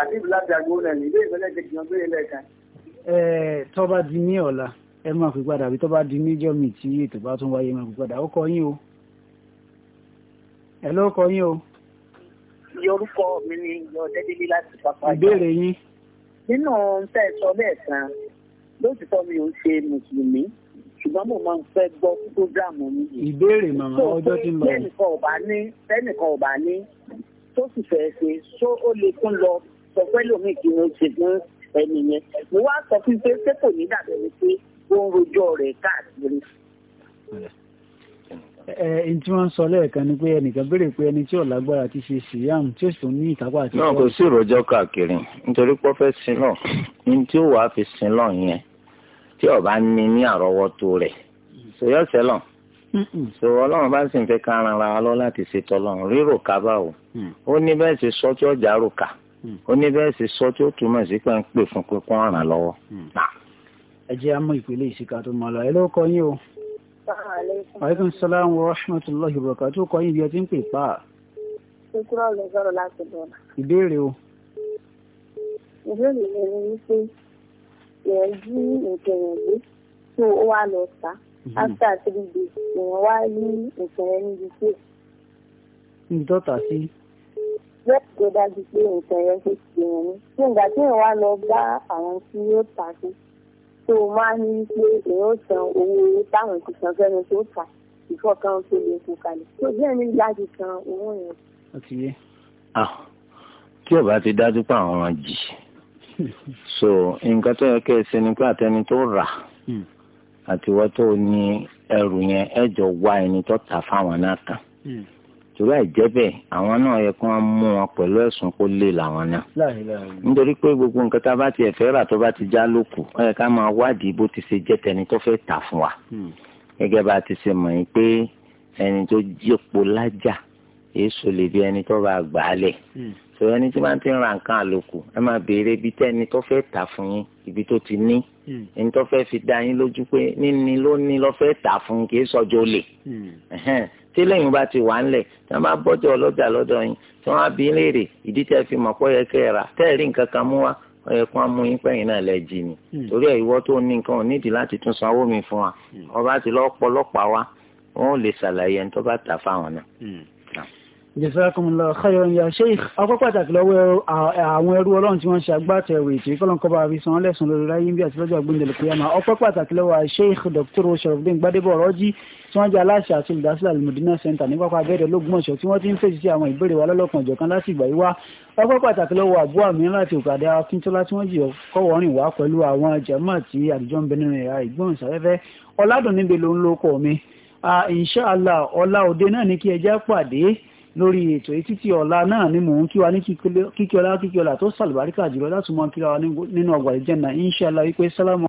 àti láti àgbo rẹ̀ ní ilé ìfẹ́lẹ́ kejì ọdún ilé ẹ̀ka. tó bá di ní ọ̀la ẹ máa fi padà àbí tó di níjọ́ mi tí ètò bá tún wáyé máa fi padà ó kọ yín o. hello kọ yín o yorùkọ mi ni ọ̀dẹ́dẹ́lé láti pápá ìgbà. ìbéèrè yín. nínú ohun tẹ́ ẹ sọ bẹ́ẹ̀ kan lóòtítọ́ mi ò ń ṣe mùsùlùmí ṣùgbọ́n mo máa ń fẹ́ gbọ́ prógráàmù mi. ìbéèrè màmá ọjọ́ ti ń lọ. tẹ́nìkan ò bá ní tẹ́nìkan ò bá ní tó sì fẹ́ ṣe ṣó ó lè kún lọ sọ pé lómi kí mo ṣe fún ẹni yẹn mo wá sọ fún pé pé kò ní dàbẹ̀ ni ó ń rojọ́ rẹ̀ káàkiri. ẹni tí wọ́n ń sọ lẹ́ẹ̀kan ni pé ẹnìkan béèrè pé ẹni tí ò ti ṣe síyàmù tí ó sì ní ìkápá àti. náà kò sí ìròjọ́ káàkiri nítorí pọ́fẹ́ sílọ̀ ní tí ó wàá fi sílọ̀ yẹn tí ọba ní ní rẹ̀ ọlọ́run bá sì ń fẹ́ lọ láti o mm. ó ní bẹ́ẹ̀ sì sọ tí ọjà rò ká mm. ó ní bẹ́ẹ̀ sì sọ tí ó túmọ̀ sí pé ń aleykum salaam wa rahmatulahi wa barakatuh kọ́ yín bí ẹ ti ń pè pa. ìtura ọ̀lẹ́ sọ̀rọ̀ láti dọ̀la. ìbéèrè o. ìbéèrè mi ni wípé èèyàn jí nǹkan yẹn gbé tó ó wá lọ sá mhm. after three days èèyàn wá rí nǹkan yẹn níbi tí. níbi tó tà sí. bẹ́ẹ̀ tó dájú pé nǹkan yẹn ti tì yẹn ní. nígbà tí èèyàn lọ bá àwọn tí yóò tà sí tó o máa ní pé èèyàn ó san owó táwọn kò san fẹ́ni tó fà ìfọ̀kàn tó lè fò kalẹ̀ tó jẹ́ ní láti san owó yẹn. tí ò bá ti dájú pé àwọn máa jì so nǹkan tó yẹ kẹ́ ẹ ṣe ni pé àtẹni tó rà hmm. àtiwọ́ tó ní ẹrù yẹn ẹ jọ wá ẹni tó tà fáwọn náà tán. Hmm torí àìjẹ́ bẹ́ẹ̀ àwọn náà yẹ kó wọ́n mú wọn pẹ̀lú ẹ̀sùn kó lè làwọn náà. nítorí pé gbogbo nǹkan tá a bá tiẹ̀ fẹ́ rà tó bá ti já lókù ó yẹ ká máa wádìí bó ti ṣe jẹ́ tẹni tó fẹ́ tà fún wa. Hmm. gẹ́gẹ́ bá a ti ṣe mọ̀ yín pé ẹni tó jẹ́po lájà èso lè bí ẹni tó bá gbà á lẹ̀. Hmm sọ ẹni tí máa ti ń ra nǹkan àlòkù ẹ máa béèrè ibi tẹ́ni tó fẹ́ tà fún yín ibi tó ti ní hmm. ẹni tó fẹ́ fi dá yín lójú pé níní ló ní lọ́ fẹ́ tà fún kì í sọjọ́ lè hmm. tí lẹ́yìn bá ti wà ńlẹ̀ tí wọ́n máa bọ́jọ́ ọlọ́jà lọ́dọ̀ yín tí wọ́n á bí léèrè ìdí tẹ́ fi mọ̀ pọ́ yẹ kẹ́ ẹ rà tẹ́ ẹ rí nǹkan kan mú wá ọyẹ kó amú yín pẹ́yìn náà lẹ́ jì ní hmm. torí ẹ̀ ìwọ tó ní nǹkan ò nídìí láti tún sanwó mi fún wa ọba ti lọ́pọ̀lọpọ̀ wa wọ́n lè ṣàlàyé ẹni tó bá tà fáwọn náà. Jazakumullahu khairan ya Sheikh ọkọ́ pàtàkì lọ́wọ́ àwọn ẹrú ọlọ́run tí wọ́n ṣe agbátẹrù ètò ìkọlọ́nkọba àbísan lẹ́sùn lórí ráyé bí àti lọ́jọ́ àgbéǹdẹ̀lẹ̀ kìyàmá ọkọ́ pàtàkì lọ́wọ́ Sheikh Dr. Sharafdin Gbadebo ọ̀rọ́jì tí wọ́n jẹ́ aláṣẹ àti olùdásílẹ̀ alimudina center ní pápá abẹ́rẹ́ lógúnmọ̀ṣọ́ tí wọ́n ti ń fèsì sí àwọn ìbéèrè wa lọ́lọ́kan ìjọ̀kan láti ìgbà yìí wá ọkọ́ pàtàkì lọ́wọ́ àbú àmì láti òkàdá akíntola tí wọ́n jìyọ kọ́wọ́rìn wá pẹ̀lú àwọn jàmáà tí àdìjọ́ ń bẹ nínú ẹ̀yà ìgbóhùnsáfẹ́fẹ́ ọ̀làdùn níbi ló ń lóko mi ah, inshallah ọ̀la òde náà ní kí ẹjẹ́ pàdé lórí ètò títí ọ̀la náà ni mò ń kí wa ní kíkí ọlá kíkí ọlá tó sàlùbáríkà jùlọ láti mọ kíra wa nínú ọgbà ìjẹ́nà inshallah wípé sálámù